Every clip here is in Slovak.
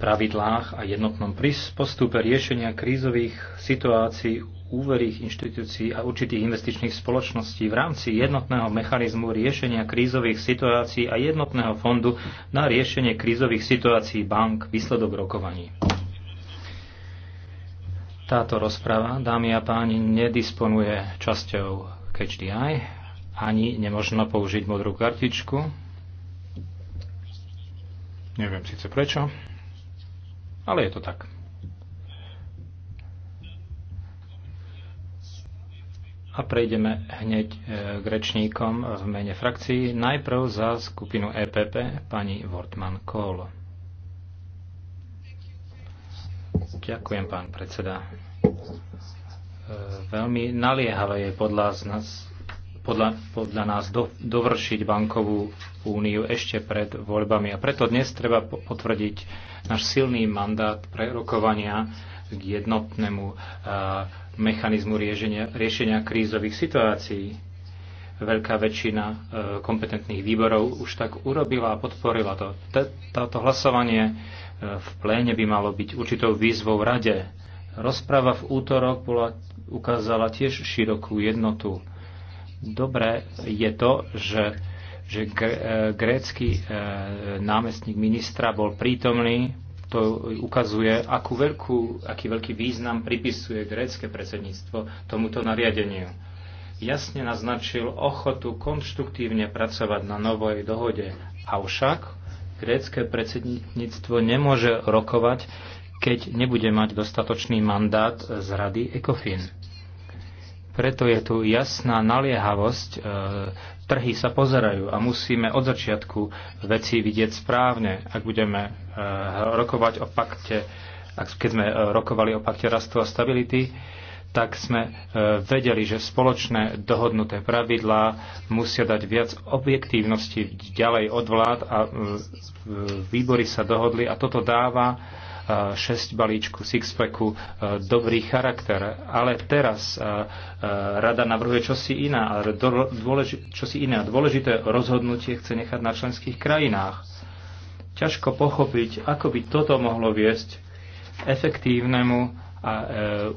pravidlách a jednotnom postupe riešenia krízových situácií úverých inštitúcií a určitých investičných spoločností v rámci jednotného mechanizmu riešenia krízových situácií a jednotného fondu na riešenie krízových situácií bank výsledok rokovaní. Táto rozprava, dámy a páni, nedisponuje časťou Catch the Eye, ani nemožno použiť modrú kartičku. Neviem síce prečo. Ale je to tak. A prejdeme hneď e, k rečníkom v mene frakcií. Najprv za skupinu EPP pani Wortman Kohl. Ďakujem, pán predseda. E, veľmi naliehavé je podľa nás, podľa, podľa nás do, dovršiť bankovú úniu ešte pred voľbami. A preto dnes treba potvrdiť náš silný mandát pre rokovania k jednotnému eh, mechanizmu riešenia, riešenia krízových situácií. Veľká väčšina eh, kompetentných výborov už tak urobila a podporila to. Táto hlasovanie eh, v pléne by malo byť určitou výzvou rade. Rozpráva v útorok bola, ukázala tiež širokú jednotu. Dobré je to, že že e, grécky e, námestník ministra bol prítomný. To ukazuje, akú veľkú, aký veľký význam pripisuje grécke predsedníctvo tomuto nariadeniu. Jasne naznačil ochotu konštruktívne pracovať na novej dohode. Avšak grécke predsedníctvo nemôže rokovať, keď nebude mať dostatočný mandát z Rady ECOFIN. Preto je tu jasná naliehavosť e, trhy sa pozerajú a musíme od začiatku veci vidieť správne, ak budeme eh, rokovať o pakte, keď sme eh, rokovali o pakte rastu a stability, tak sme eh, vedeli, že spoločné dohodnuté pravidlá musia dať viac objektívnosti ďalej od vlád a výbory sa dohodli a toto dáva 6 balíčku, sixpacku e, dobrý charakter. Ale teraz e, e, rada navrhuje čosi iná, dôleži, čosi iné. Dôležité rozhodnutie chce nechať na členských krajinách. Ťažko pochopiť, ako by toto mohlo viesť efektívnemu a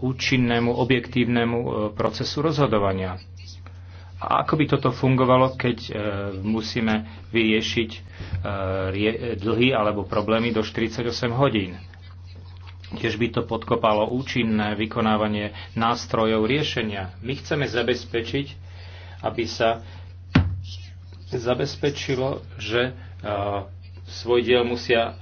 účinnému, objektívnemu procesu rozhodovania. A ako by toto fungovalo, keď e, musíme vyriešiť e, dlhy alebo problémy do 48 hodín? Tiež by to podkopalo účinné vykonávanie nástrojov riešenia. My chceme zabezpečiť, aby sa zabezpečilo, že e, svoj diel musia e,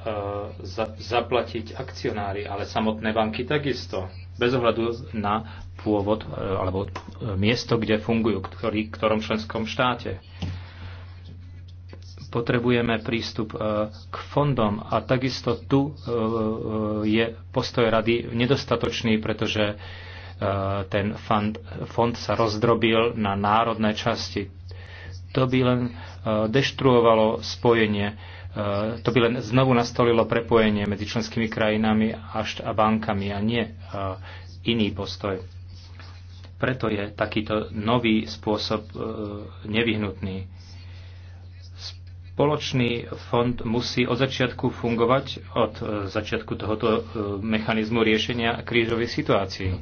zaplatiť akcionári, ale samotné banky takisto, bez ohľadu na pôvod e, alebo miesto, kde fungujú, ktorý, ktorom členskom štáte potrebujeme prístup e, k fondom a takisto tu e, e, je postoj rady nedostatočný, pretože ten fond, fond sa rozdrobil na národné časti. To by len deštruovalo spojenie, to by len znovu nastolilo prepojenie medzi členskými krajinami a bankami a nie iný postoj. Preto je takýto nový spôsob nevyhnutný Spoločný fond musí od začiatku fungovať, od e, začiatku tohoto e, mechanizmu riešenia krížovej situácií.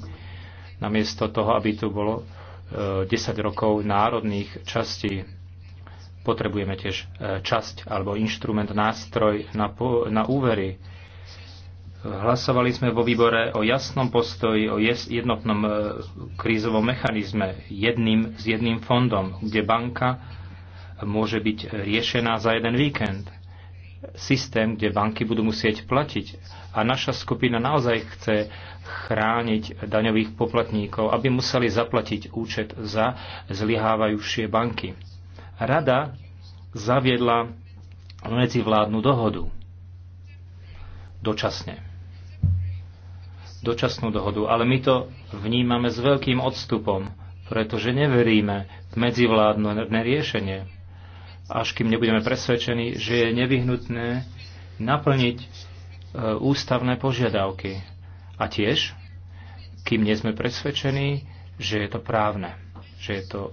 Namiesto toho, aby tu bolo 10 e, rokov národných častí, potrebujeme tiež časť alebo inštrument, nástroj na, na úvery, Hlasovali sme vo výbore o jasnom postoji, o jednotnom krízovom mechanizme jedným, s jedným fondom, kde banka môže byť riešená za jeden víkend. Systém, kde banky budú musieť platiť. A naša skupina naozaj chce chrániť daňových poplatníkov, aby museli zaplatiť účet za zlyhávajúšie banky. Rada zaviedla medzivládnu dohodu. Dočasne. Dočasnú dohodu. Ale my to vnímame s veľkým odstupom, pretože neveríme v medzivládne riešenie až kým nebudeme presvedčení, že je nevyhnutné naplniť e, ústavné požiadavky. A tiež, kým nie sme presvedčení, že je to právne, že je to e,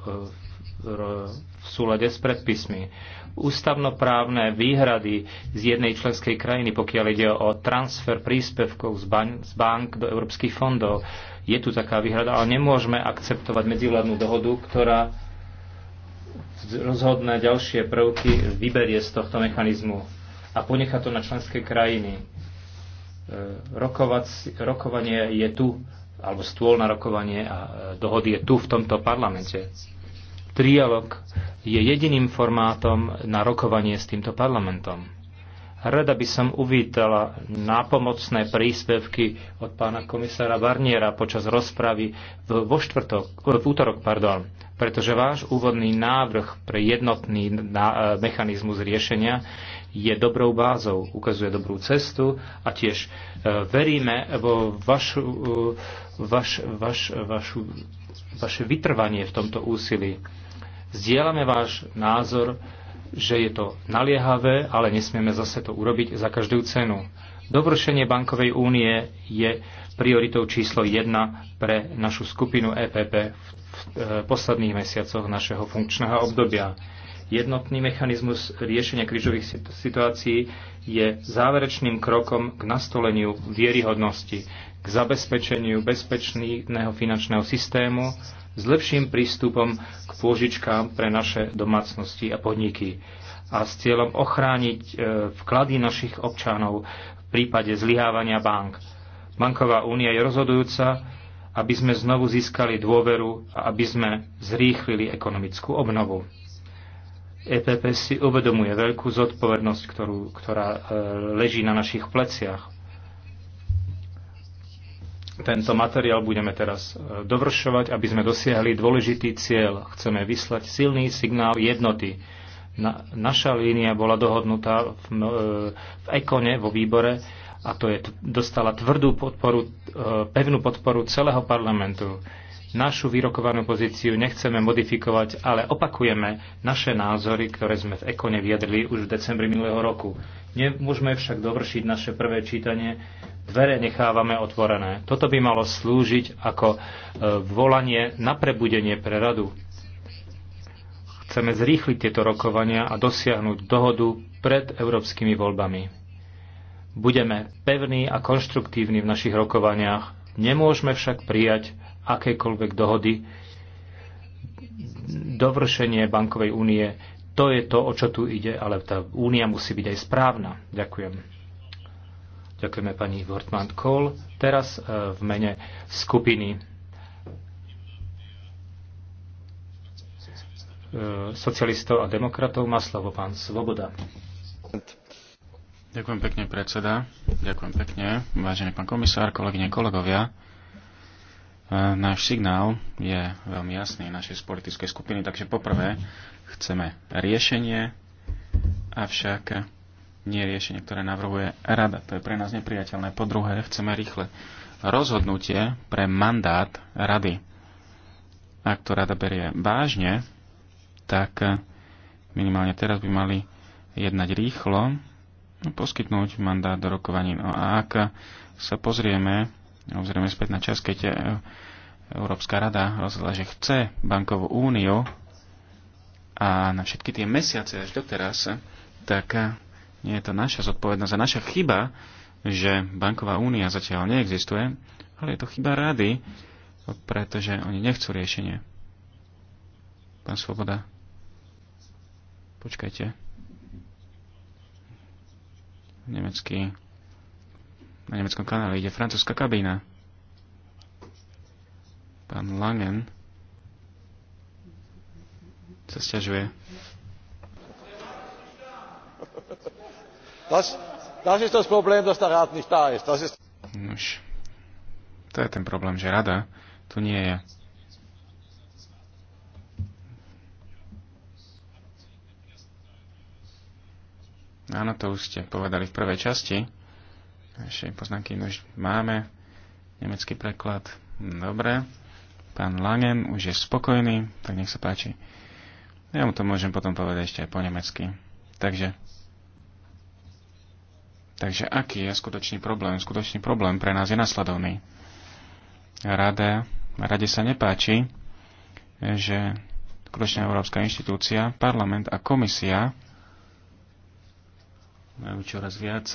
v súlade s predpismi. Ústavnoprávne výhrady z jednej členskej krajiny, pokiaľ ide o transfer príspevkov z, baň, z bank do európskych fondov, je tu taká výhrada, ale nemôžeme akceptovať medzivládnu dohodu, ktorá rozhodné ďalšie prvky vyberie z tohto mechanizmu a ponecha to na členské krajiny. E, rokovac, rokovanie je tu, alebo stôl na rokovanie a e, dohody je tu v tomto parlamente. Trialog je jediným formátom na rokovanie s týmto parlamentom. Rada by som uvítala nápomocné príspevky od pána komisára Barniera počas rozpravy vo štvrtok, v útorok, pardon, pretože váš úvodný návrh pre jednotný e, mechanizmus riešenia je dobrou bázou, ukazuje dobrú cestu a tiež e, veríme vo vašu, e, vaš, vaš, vašu, vaše vytrvanie v tomto úsilí. Zdieľame váš názor, že je to naliehavé, ale nesmieme zase to urobiť za každú cenu. Dovršenie bankovej únie je prioritou číslo 1 pre našu skupinu EPP v v e, posledných mesiacoch našeho funkčného obdobia. Jednotný mechanizmus riešenia krížových situácií je záverečným krokom k nastoleniu vieryhodnosti, k zabezpečeniu bezpečného finančného systému s lepším prístupom k pôžičkám pre naše domácnosti a podniky a s cieľom ochrániť e, vklady našich občanov v prípade zlyhávania bank. Banková únia je rozhodujúca aby sme znovu získali dôveru a aby sme zrýchlili ekonomickú obnovu. EPP si uvedomuje veľkú zodpovednosť, ktorú, ktorá e, leží na našich pleciach. Tento materiál budeme teraz e, dovršovať, aby sme dosiahli dôležitý cieľ. Chceme vyslať silný signál jednoty. Na, naša línia bola dohodnutá v, e, v ekone, vo výbore, a to je, dostala tvrdú podporu, e, pevnú podporu celého parlamentu. Našu vyrokovanú pozíciu nechceme modifikovať, ale opakujeme naše názory, ktoré sme v Ekone vyjadrili už v decembri minulého roku. Nemôžeme však dovršiť naše prvé čítanie, dvere nechávame otvorené. Toto by malo slúžiť ako e, volanie na prebudenie pre radu. Chceme zrýchliť tieto rokovania a dosiahnuť dohodu pred európskymi voľbami. Budeme pevní a konštruktívni v našich rokovaniach. Nemôžeme však prijať akékoľvek dohody. Dovršenie bankovej únie, to je to, o čo tu ide, ale tá únia musí byť aj správna. Ďakujem. Ďakujeme pani Wortmann Kohl. Teraz e, v mene skupiny e, socialistov a demokratov má slovo pán Svoboda. Ďakujem pekne, predseda. Ďakujem pekne, vážený pán komisár, kolegyne, kolegovia. E, náš signál je veľmi jasný našej politickej skupiny, takže poprvé chceme riešenie, avšak nie riešenie, ktoré navrhuje rada. To je pre nás nepriateľné. Po druhé, chceme rýchle rozhodnutie pre mandát rady. Ak to rada berie vážne, tak minimálne teraz by mali jednať rýchlo, poskytnúť mandát do rokovaní. No a ak sa pozrieme, obzrieme späť na čas, keď eh, Európska rada rozhodla, že chce bankovú úniu a na všetky tie mesiace až doteraz, tak eh, nie je to naša zodpovednosť a naša chyba, že banková únia zatiaľ neexistuje, ale je to chyba rady, pretože oni nechcú riešenie. Pán Svoboda, počkajte nemecký, na nemeckom kanále ide francúzska kabína. Pán Langen sa stiažuje. Das, das ist das Problem, dass der Rat nicht da ist. Das ist... Nož, to je ten problém, že rada tu nie je. Áno, to už ste povedali v prvej časti. Naše poznámky už máme. Nemecký preklad. Dobre. Pán Langen už je spokojný, tak nech sa páči. Ja mu to môžem potom povedať ešte aj po nemecky. Takže Takže aký je skutočný problém? Skutočný problém pre nás je nasledovný. Rade, rade sa nepáči, že skutočná európska inštitúcia, parlament a komisia majú čoraz viac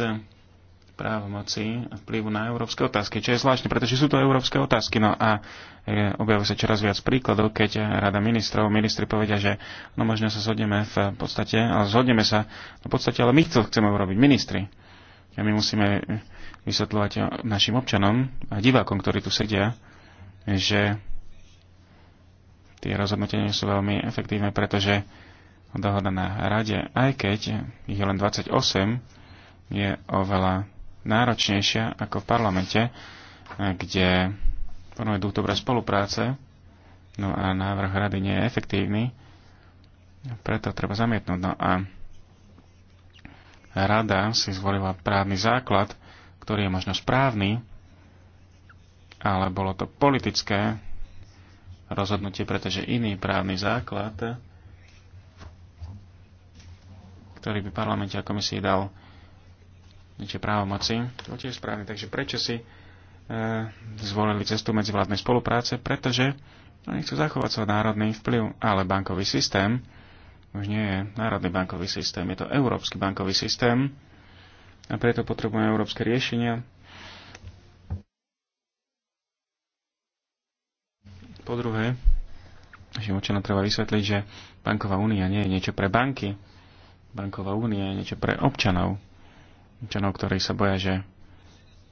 právomoci a vplyvu na európske otázky, čo je zvláštne, pretože sú to európske otázky. No a e, objavujú sa čoraz viac príkladov, keď rada ministrov, ministri povedia, že no možno sa zhodneme v podstate, ale zhodneme sa v podstate, ale my chcel, chceme urobiť ministri. A my musíme e, vysvetľovať našim občanom a divákom, ktorí tu sedia, že tie rozhodnutia nie sú veľmi efektívne, pretože dohoda na rade, aj keď ich je len 28, je oveľa náročnejšia ako v parlamente, eh, kde ponúme duch dobré spolupráce, no a návrh rady nie je efektívny, preto treba zamietnúť. No a rada si zvolila právny základ, ktorý je možno správny, ale bolo to politické rozhodnutie, pretože iný právny základ ktorý by parlamente a komisii dal právo moci. To tiež správne. Takže prečo si e, zvolili cestu medzivládnej spolupráce? Pretože oni chcú zachovať svoj národný vplyv, ale bankový systém už nie je národný bankový systém, je to európsky bankový systém a preto potrebujeme európske riešenia. Po druhé, že mu treba vysvetliť, že banková únia nie je niečo pre banky, banková únia je niečo pre občanov. Občanov, ktorí sa boja, že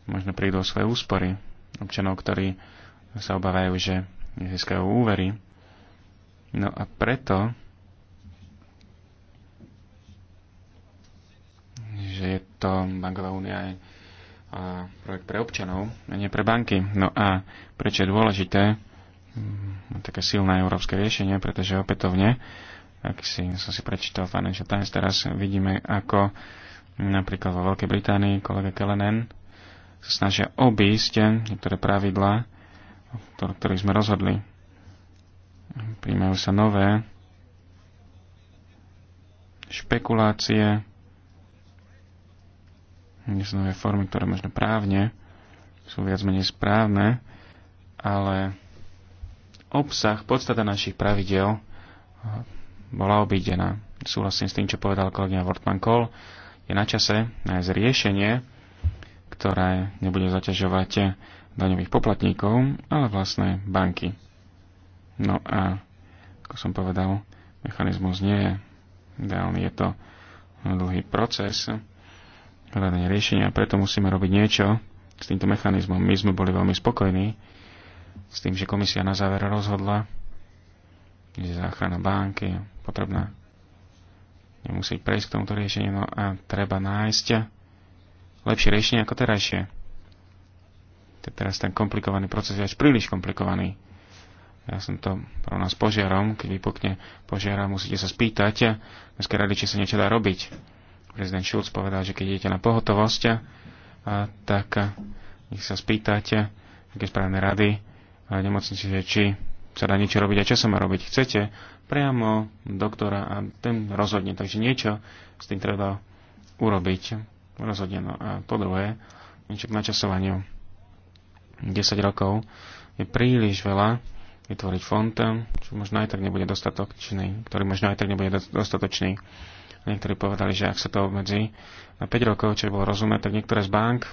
možno prídu o svoje úspory. Občanov, ktorí sa obávajú, že nezískajú úvery. No a preto, že je to banková únia je projekt pre občanov a nie pre banky. No a prečo je dôležité mm, také silné európske riešenie, pretože opätovne ak si, som si prečítal Financial Times, teraz vidíme, ako napríklad vo Veľkej Británii kolega Kellenen sa snažia obísť niektoré pravidlá, o ktorých sme rozhodli. Príjmajú sa nové špekulácie, nie sú nové formy, ktoré možno právne sú viac menej správne, ale obsah, podstata našich pravidel bola obídená. Súhlasím s tým, čo povedal kolegyňa Wortman Kohl. Je na čase nájsť riešenie, ktoré nebude zaťažovať daňových poplatníkov, ale vlastné banky. No a, ako som povedal, mechanizmus nie je ideálny. Je to dlhý proces hľadania riešenia, preto musíme robiť niečo s týmto mechanizmom. My sme boli veľmi spokojní s tým, že komisia na záver rozhodla, kde záchrana banky je potrebná. Nemusí prejsť k tomuto riešeniu, no a treba nájsť lepšie riešenie ako terajšie. Teraz ten komplikovaný proces je až príliš komplikovaný. Ja som to pro nás požiarom, keď vypukne požiara, musíte sa spýtať dneska rady, či sa niečo dá robiť. Prezident Schulz povedal, že keď idete na pohotovosť, a, tak nech sa spýtate, aké správne rady a nemocnice, že či sa dá niečo robiť a čo sa má robiť. Chcete priamo doktora a ten rozhodne, takže niečo s tým treba urobiť. Rozhodne. No a po druhé, niečo k načasovaniu. 10 rokov je príliš veľa vytvoriť fond, čo možno aj tak nebude dostatočný, ktorý možno aj tak nebude dostatočný. Niektorí povedali, že ak sa to obmedzí na 5 rokov, čo bolo rozumné, tak niektoré z bank,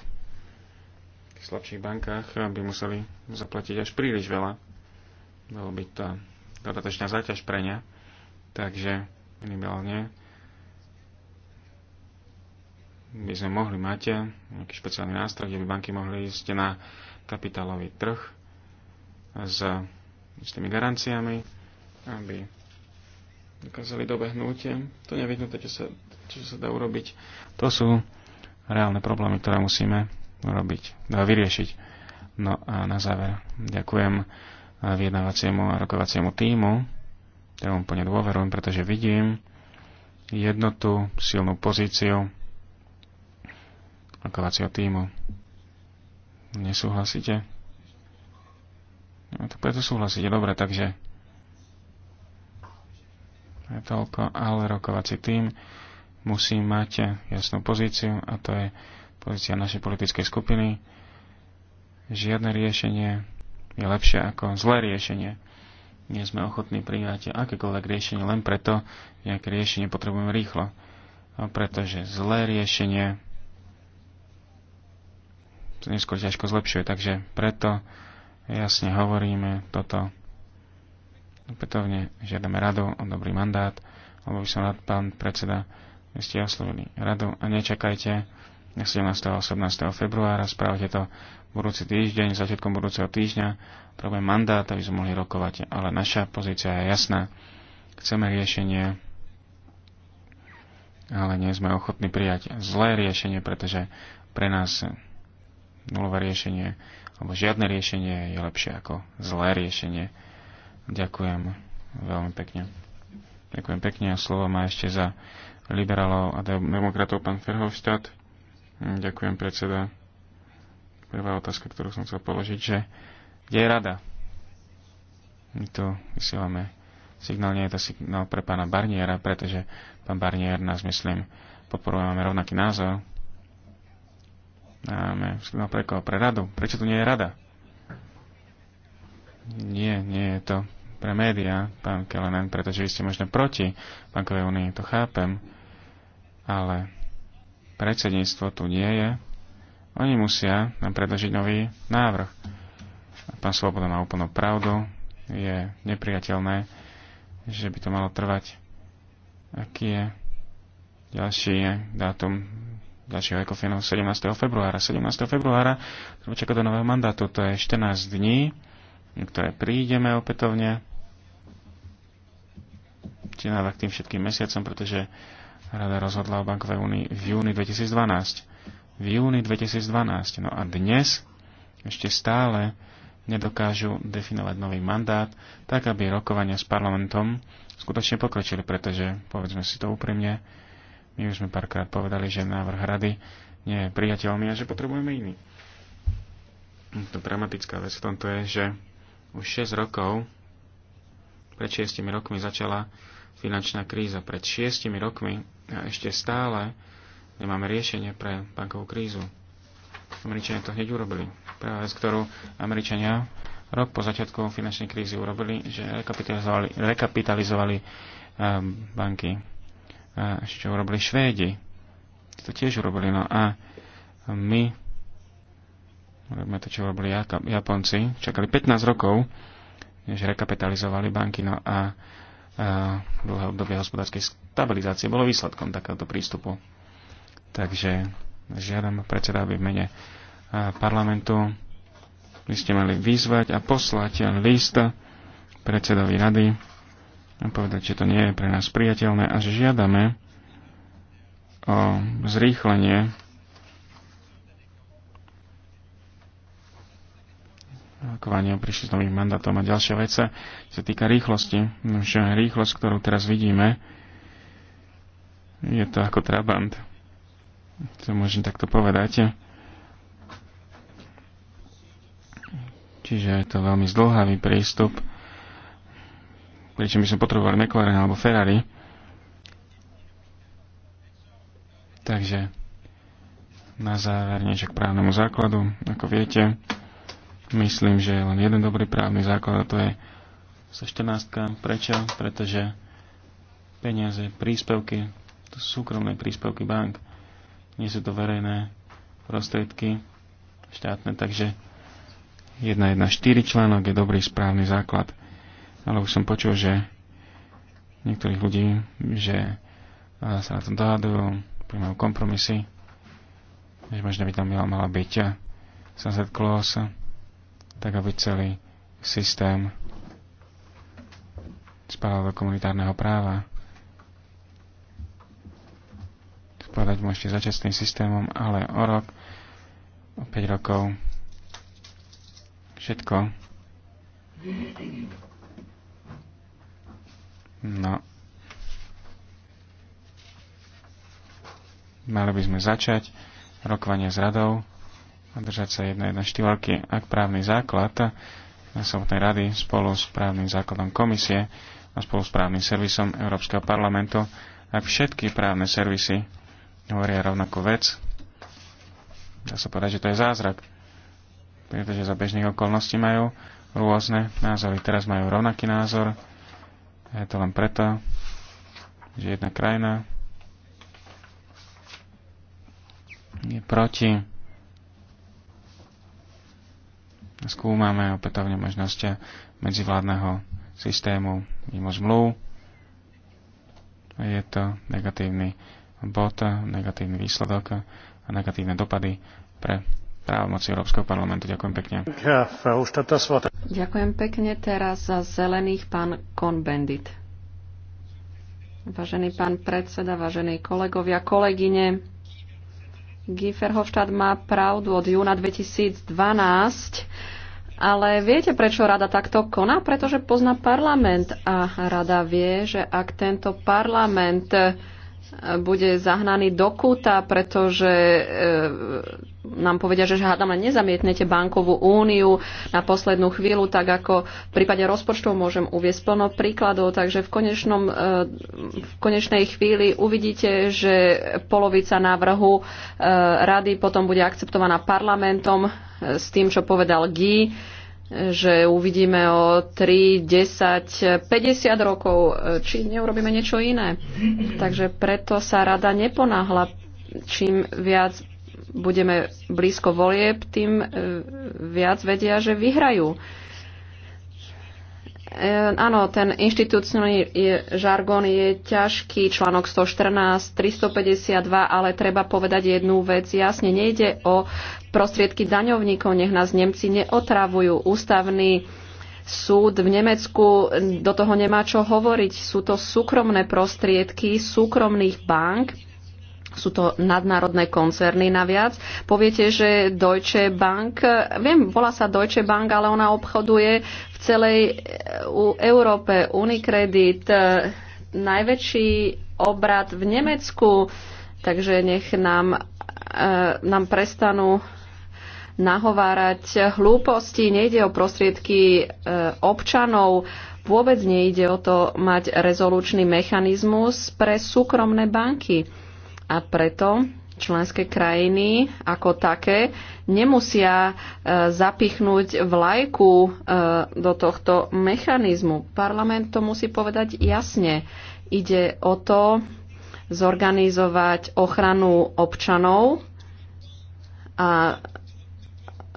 v slabších bankách by museli zaplatiť až príliš veľa bolo by to dodatočná záťaž pre ne, takže minimálne by sme mohli mať nejaký špeciálny nástroj, kde by banky mohli ísť na kapitálový trh s istými garanciami, aby dokázali dobehnúť. To nevyhnuté, čo sa, čo sa dá urobiť. To sú reálne problémy, ktoré musíme urobiť, vyriešiť. No a na záver ďakujem vyjednávaciemu a rokovaciemu týmu, ktorému teda úplne dôverujem, pretože vidím jednotu, silnú pozíciu rokovacieho týmu. Nesúhlasíte? No, tak preto súhlasíte. Dobre, takže je toľko, ale rokovací tým musí mať jasnú pozíciu a to je pozícia našej politickej skupiny. Žiadne riešenie je lepšie ako zlé riešenie. Nie sme ochotní prijať akékoľvek riešenie len preto, nejaké riešenie potrebujeme rýchlo. Pretože zlé riešenie to neskôr ťažko zlepšuje. Takže preto jasne hovoríme toto opätovne žiadame radu o dobrý mandát, lebo by som rád, pán predseda, ste oslovili radu a nečakajte, 17. a 18. februára, spravte to budúci týždeň, začiatkom budúceho týždňa, problém mandát, aby sme mohli rokovať, ale naša pozícia je jasná. Chceme riešenie, ale nie sme ochotní prijať zlé riešenie, pretože pre nás nulové riešenie alebo žiadne riešenie je lepšie ako zlé riešenie. Ďakujem veľmi pekne. Ďakujem pekne a slovo má ešte za liberálov a demokratov pán Ferhofstadt. Ďakujem, predseda. Prvá otázka, ktorú som chcel položiť, že kde je rada? My to vysielame. Signál nie je to signál pre pána Barniera, pretože pán Barnier nás, myslím, podporuje, máme rovnaký názor. Máme signál pre koho? Pre radu. Prečo tu nie je rada? Nie, nie je to pre médiá, pán Kelenen, pretože vy ste možno proti bankovej únii, to chápem, ale predsedníctvo tu nie je. Oni musia nám predložiť nový návrh. Pán Svoboda má úplnú pravdu. Je nepriateľné, že by to malo trvať. Aký je ďalší dátum ďalšieho ekofinu 17. februára. 17. februára treba čakať do nového mandátu. To je 14 dní, ktoré prídeme opätovne. Či návrh tým všetkým mesiacom, pretože Rada rozhodla o bankovej únii v júni 2012. V júni 2012. No a dnes ešte stále nedokážu definovať nový mandát, tak aby rokovania s parlamentom skutočne pokročili, pretože, povedzme si to úprimne, my už sme párkrát povedali, že návrh rady nie je priateľný a že potrebujeme iný. To dramatická vec v tomto je, že už 6 rokov, pred 6 rokmi začala finančná kríza. Pred 6 rokmi a ešte stále nemáme riešenie pre bankovú krízu. Američania to hneď urobili. Prvá vec, ktorú Američania rok po začiatku finančnej krízy urobili, že rekapitalizovali, rekapitalizovali ehm, banky. A ešte čo urobili Švédi. To tiež urobili. No a my robíme to, čo urobili Japonci. Čakali 15 rokov, než rekapitalizovali banky. No a, a dlhé obdobie hospodárskej stabilizácie bolo výsledkom takéhoto prístupu. Takže žiadam predseda, aby v mene parlamentu by ste mali vyzvať a poslať list predsedovi rady a povedať, že to nie je pre nás priateľné a že žiadame o zrýchlenie rokovania prišli s novým mandátom a ďalšia vec sa týka rýchlosti. Už rýchlosť, ktorú teraz vidíme, je to ako trabant. To môžem takto povedať. Čiže je to veľmi zdlhavý prístup. Pričom by som potreboval McLaren alebo Ferrari. Takže na záver niečo k právnemu základu. Ako viete, myslím, že je len jeden dobrý právny základ a to je sa 14. Prečo? Pretože peniaze, príspevky to sú súkromné príspevky bank, nie sú to verejné prostriedky štátne, takže 1.1.4 článok je dobrý správny základ. Ale už som počul, že niektorých ľudí, že sa na tom dohadujú, príjmajú kompromisy, že možno by tam mala byť sunset clause, tak aby celý systém spadal do komunitárneho práva. Podať môžete začať s tým systémom, ale o rok, o 5 rokov, všetko. No. Mali by sme začať rokovanie s radou a držať sa jedna jedna štivalky, ak právny základ na samotnej rady spolu s právnym základom komisie a spolu s právnym servisom Európskeho parlamentu, ak všetky právne servisy hovoria rovnakú vec. Dá sa povedať, že to je zázrak, pretože za bežných okolností majú rôzne názory. Teraz majú rovnaký názor. Je to len preto, že jedna krajina je proti. Skúmame opätovne možnosti medzivládneho systému mimo zmluv. Je to negatívny bod, negatívny výsledok a negatívne dopady pre právomoci Európskeho parlamentu. Ďakujem pekne. Ďakujem pekne teraz za zelených pán Konbendit. Vážený pán predseda, vážení kolegovia, kolegyne, Gieferhofstadt má pravdu od júna 2012, ale viete, prečo rada takto koná? Pretože pozná parlament a rada vie, že ak tento parlament bude zahnaný do kúta, pretože e, nám povedia, že hádam len nezamietnete bankovú úniu na poslednú chvíľu, tak ako v prípade rozpočtov môžem uviesť plno príkladov, takže v, konečnom, e, v konečnej chvíli uvidíte, že polovica návrhu e, rady potom bude akceptovaná parlamentom e, s tým, čo povedal Guy že uvidíme o 3, 10, 50 rokov, či neurobíme niečo iné. Takže preto sa rada neponáhla. Čím viac budeme blízko volieb, tým e, viac vedia, že vyhrajú. Ehm, áno, ten inštitúcný žargon je ťažký, článok 114, 352, ale treba povedať jednu vec. Jasne, nejde o prostriedky daňovníkov, nech nás Nemci neotravujú. Ústavný súd v Nemecku do toho nemá čo hovoriť. Sú to súkromné prostriedky súkromných bank, sú to nadnárodné koncerny naviac. Poviete, že Deutsche Bank, viem, volá sa Deutsche Bank, ale ona obchoduje v celej e, Európe, Unicredit, e, najväčší obrad v Nemecku, takže nech nám, e, nám prestanú nahovárať hlúposti, nejde o prostriedky občanov, vôbec nejde o to mať rezolučný mechanizmus pre súkromné banky. A preto členské krajiny ako také nemusia e, zapichnúť vlajku e, do tohto mechanizmu. Parlament to musí povedať jasne. Ide o to zorganizovať ochranu občanov a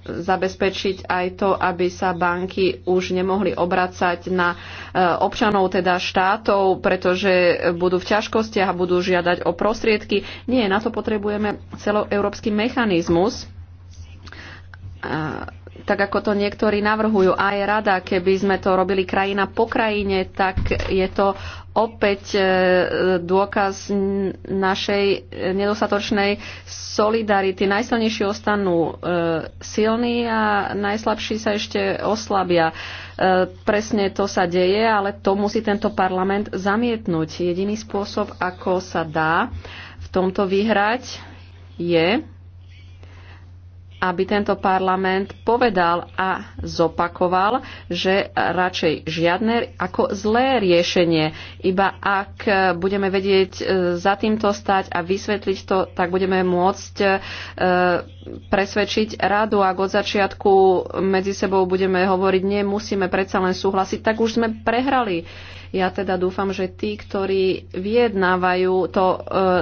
zabezpečiť aj to, aby sa banky už nemohli obracať na e, občanov, teda štátov, pretože budú v ťažkostiach a budú žiadať o prostriedky. Nie, na to potrebujeme celoeurópsky mechanizmus. A tak ako to niektorí navrhujú, aj rada, keby sme to robili krajina po krajine, tak je to opäť e, dôkaz našej e, nedostatočnej solidarity. Najsilnejší ostanú e, silní a najslabší sa ešte oslabia. Presne to sa deje, ale to musí tento parlament zamietnúť. Jediný spôsob, ako sa dá v tomto vyhrať, je aby tento parlament povedal a zopakoval, že radšej žiadne ako zlé riešenie. Iba ak budeme vedieť e, za týmto stať a vysvetliť to, tak budeme môcť e, presvedčiť radu. Ak od začiatku medzi sebou budeme hovoriť, nie, musíme predsa len súhlasiť, tak už sme prehrali. Ja teda dúfam, že tí, ktorí vyjednávajú, to e,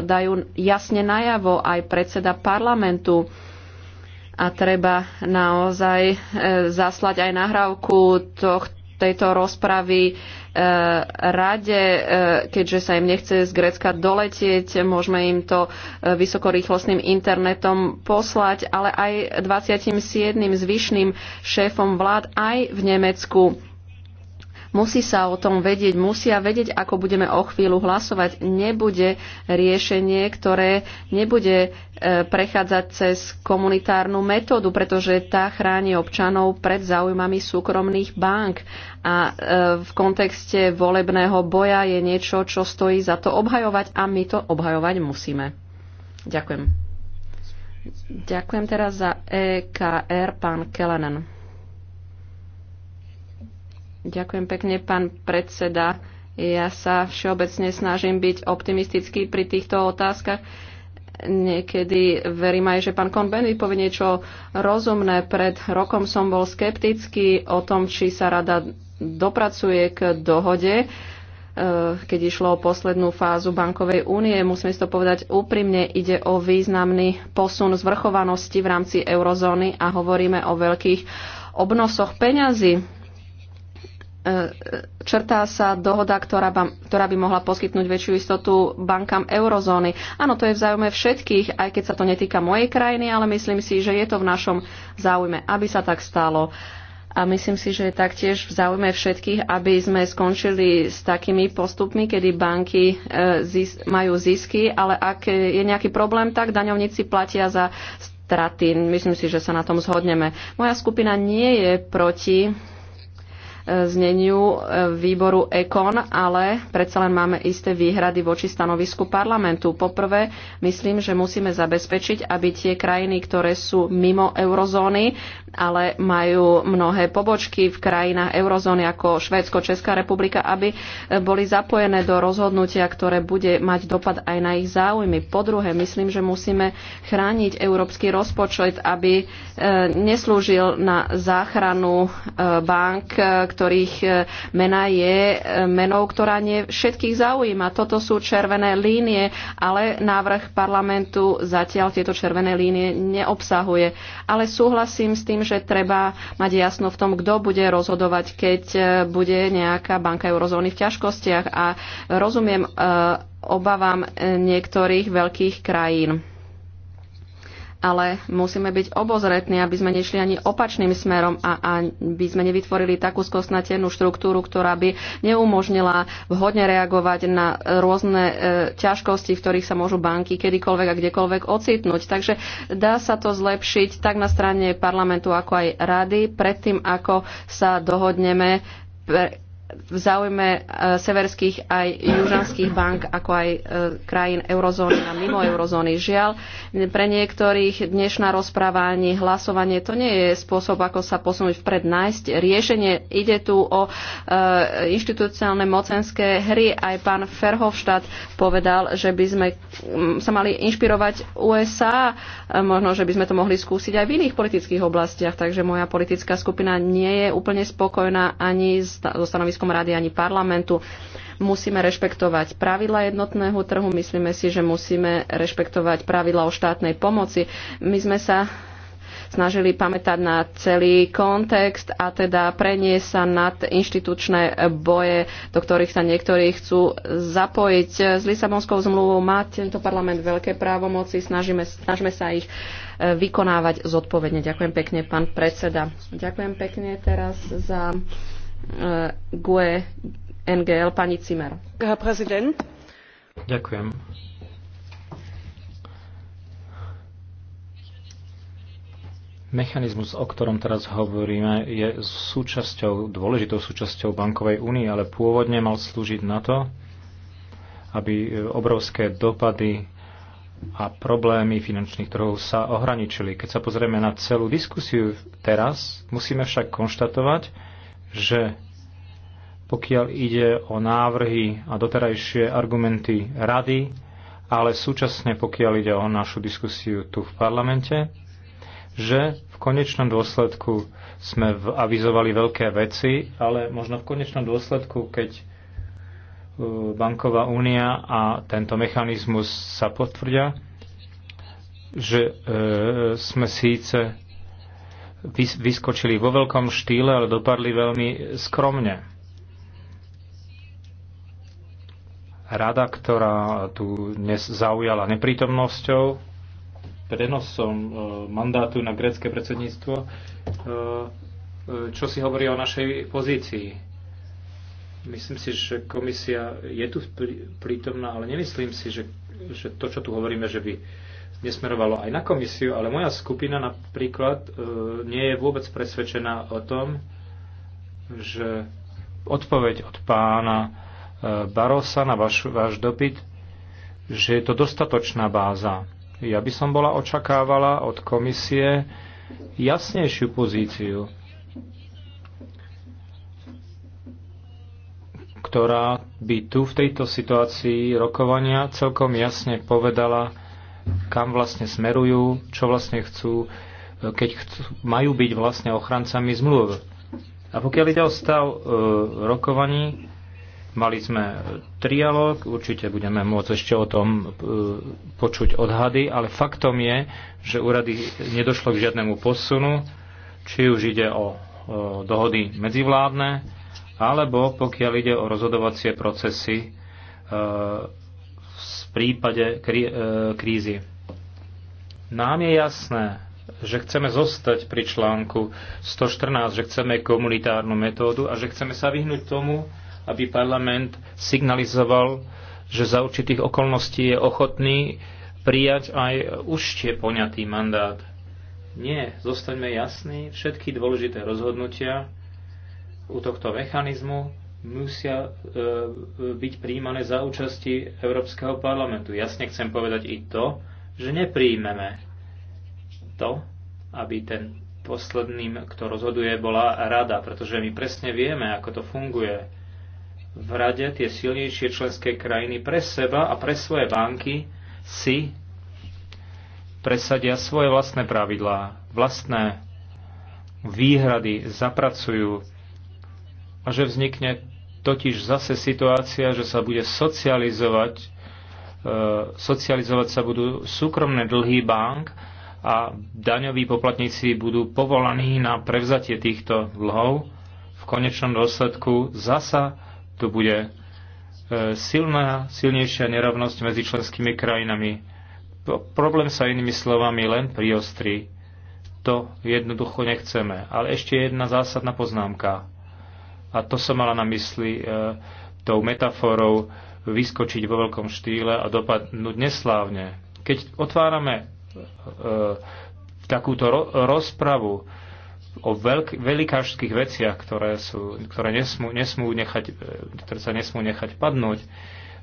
dajú jasne najavo aj predseda parlamentu a treba naozaj e, zaslať aj nahrávku tohto tejto rozpravy e, rade, e, keďže sa im nechce z Grecka doletieť, môžeme im to e, vysokorýchlostným internetom poslať, ale aj 27 zvyšným šéfom vlád aj v Nemecku Musí sa o tom vedieť, musia vedieť, ako budeme o chvíľu hlasovať. Nebude riešenie, ktoré nebude e, prechádzať cez komunitárnu metódu, pretože tá chráni občanov pred záujmami súkromných bank. A e, v kontexte volebného boja je niečo, čo stojí za to obhajovať a my to obhajovať musíme. Ďakujem. Ďakujem teraz za EKR, pán Kelenen. Ďakujem pekne, pán predseda. Ja sa všeobecne snažím byť optimistický pri týchto otázkach. Niekedy verím aj, že pán Konbendit povie niečo rozumné. Pred rokom som bol skeptický o tom, či sa rada dopracuje k dohode eh, keď išlo o poslednú fázu bankovej únie. Musíme si to povedať úprimne, ide o významný posun zvrchovanosti v rámci eurozóny a hovoríme o veľkých obnosoch peňazí E, črtá sa dohoda, ktorá, ba, ktorá by mohla poskytnúť väčšiu istotu bankám eurozóny. Áno, to je v záujme všetkých, aj keď sa to netýka mojej krajiny, ale myslím si, že je to v našom záujme, aby sa tak stalo. A myslím si, že je taktiež v záujme všetkých, aby sme skončili s takými postupmi, kedy banky e, majú zisky, ale ak je nejaký problém, tak daňovníci platia za straty. Myslím si, že sa na tom zhodneme. Moja skupina nie je proti zneniu e, výboru EKON, ale predsa len máme isté výhrady voči stanovisku parlamentu. Poprvé, myslím, že musíme zabezpečiť, aby tie krajiny, ktoré sú mimo eurozóny, ale majú mnohé pobočky v krajinách eurozóny ako Švédsko, Česká republika, aby e, boli zapojené do rozhodnutia, ktoré bude mať dopad aj na ich záujmy. Po druhé, myslím, že musíme chrániť európsky rozpočet, aby e, neslúžil na záchranu bank, ktorých e, mena je e, menou, ktorá nie všetkých zaujíma. Toto sú červené línie, ale návrh parlamentu zatiaľ tieto červené línie neobsahuje. Ale súhlasím s tým, že treba mať jasno v tom, kto bude rozhodovať, keď e, bude nejaká banka eurozóny v ťažkostiach. A rozumiem obavám niektorých veľkých krajín ale musíme byť obozretní, aby sme nešli ani opačným smerom a aby sme nevytvorili takú skosnatenú štruktúru, ktorá by neumožnila vhodne reagovať na rôzne e, ťažkosti, v ktorých sa môžu banky kedykoľvek a kdekoľvek ocitnúť. Takže dá sa to zlepšiť tak na strane parlamentu, ako aj rady, predtým, ako sa dohodneme pre v záujme e, severských aj južanských bank, ako aj e, krajín eurozóny a mimo eurozóny. Žiaľ, pre niektorých dnešná rozpráva ani hlasovanie to nie je spôsob, ako sa posunúť vpred, nájsť riešenie. Ide tu o e, inštitúciálne mocenské hry. Aj pán Ferhofštát povedal, že by sme sa mali inšpirovať USA. Možno, že by sme to mohli skúsiť aj v iných politických oblastiach. Takže moja politická skupina nie je úplne spokojná ani so stanoviskom Európskom rade ani parlamentu. Musíme rešpektovať pravidla jednotného trhu, myslíme si, že musíme rešpektovať pravidla o štátnej pomoci. My sme sa snažili pamätať na celý kontext a teda preniesť sa nad inštitučné boje, do ktorých sa niektorí chcú zapojiť. S Lisabonskou zmluvou má tento parlament veľké právomoci, snažíme, snažíme sa ich e, vykonávať zodpovedne. Ďakujem pekne, pán predseda. Ďakujem pekne teraz za Eh, GUE NGL pani Cimer. Ďakujem. Mechanizmus, o ktorom teraz hovoríme, je súčasťou, dôležitou súčasťou bankovej únie, ale pôvodne mal slúžiť na to, aby eh, obrovské dopady a problémy finančných trhov sa ohraničili. Keď sa pozrieme na celú diskusiu teraz, musíme však konštatovať, že pokiaľ ide o návrhy a doterajšie argumenty rady, ale súčasne pokiaľ ide o našu diskusiu tu v parlamente, že v konečnom dôsledku sme avizovali veľké veci, ale možno v konečnom dôsledku, keď e, banková únia a tento mechanizmus sa potvrdia, že e, sme síce vyskočili vo veľkom štýle, ale dopadli veľmi skromne. Rada, ktorá tu dnes zaujala neprítomnosťou, prenosom e, mandátu na grecké predsedníctvo, e, e, čo si hovorí o našej pozícii. Myslím si, že komisia je tu prítomná, ale nemyslím si, že, že to, čo tu hovoríme, že by nesmerovalo aj na komisiu, ale moja skupina napríklad e, nie je vôbec presvedčená o tom, že odpoveď od pána e, Barosa na vaš, váš dopyt, že je to dostatočná báza. Ja by som bola očakávala od komisie jasnejšiu pozíciu, ktorá by tu v tejto situácii rokovania celkom jasne povedala, kam vlastne smerujú, čo vlastne chcú, e, keď chcú, majú byť vlastne ochrancami zmluv. A pokiaľ ide o stav e, rokovaní, mali sme trialog, určite budeme môcť ešte o tom e, počuť odhady, ale faktom je, že úrady nedošlo k žiadnemu posunu, či už ide o, e, dohody medzivládne, alebo pokiaľ ide o rozhodovacie procesy e, prípade krí, e, krízy. Nám je jasné, že chceme zostať pri článku 114, že chceme komunitárnu metódu a že chceme sa vyhnúť tomu, aby parlament signalizoval, že za určitých okolností je ochotný prijať aj užšie poňatý mandát. Nie, zostaňme jasní, všetky dôležité rozhodnutia u tohto mechanizmu musia e, byť príjmané za účasti Európskeho parlamentu. Jasne chcem povedať i to, že nepríjmeme to, aby ten posledným, kto rozhoduje, bola rada, pretože my presne vieme, ako to funguje. V rade tie silnejšie členské krajiny pre seba a pre svoje banky si presadia svoje vlastné pravidlá, vlastné výhrady, zapracujú a že vznikne totiž zase situácia, že sa bude socializovať, e, socializovať sa budú súkromné dlhy bank a daňoví poplatníci budú povolaní na prevzatie týchto dlhov. V konečnom dôsledku zasa tu bude e, silná, silnejšia nerovnosť medzi členskými krajinami. Problém sa inými slovami len priostri. To jednoducho nechceme. Ale ešte jedna zásadná poznámka a to som mala na mysli e, tou metaforou vyskočiť vo veľkom štýle a dopadnúť neslávne. Keď otvárame e, takúto ro- rozpravu o veľk- velikážských veciach, ktoré, sú, ktoré, nesmú, nesmú nechať, e, ktoré sa nesmú nechať padnúť,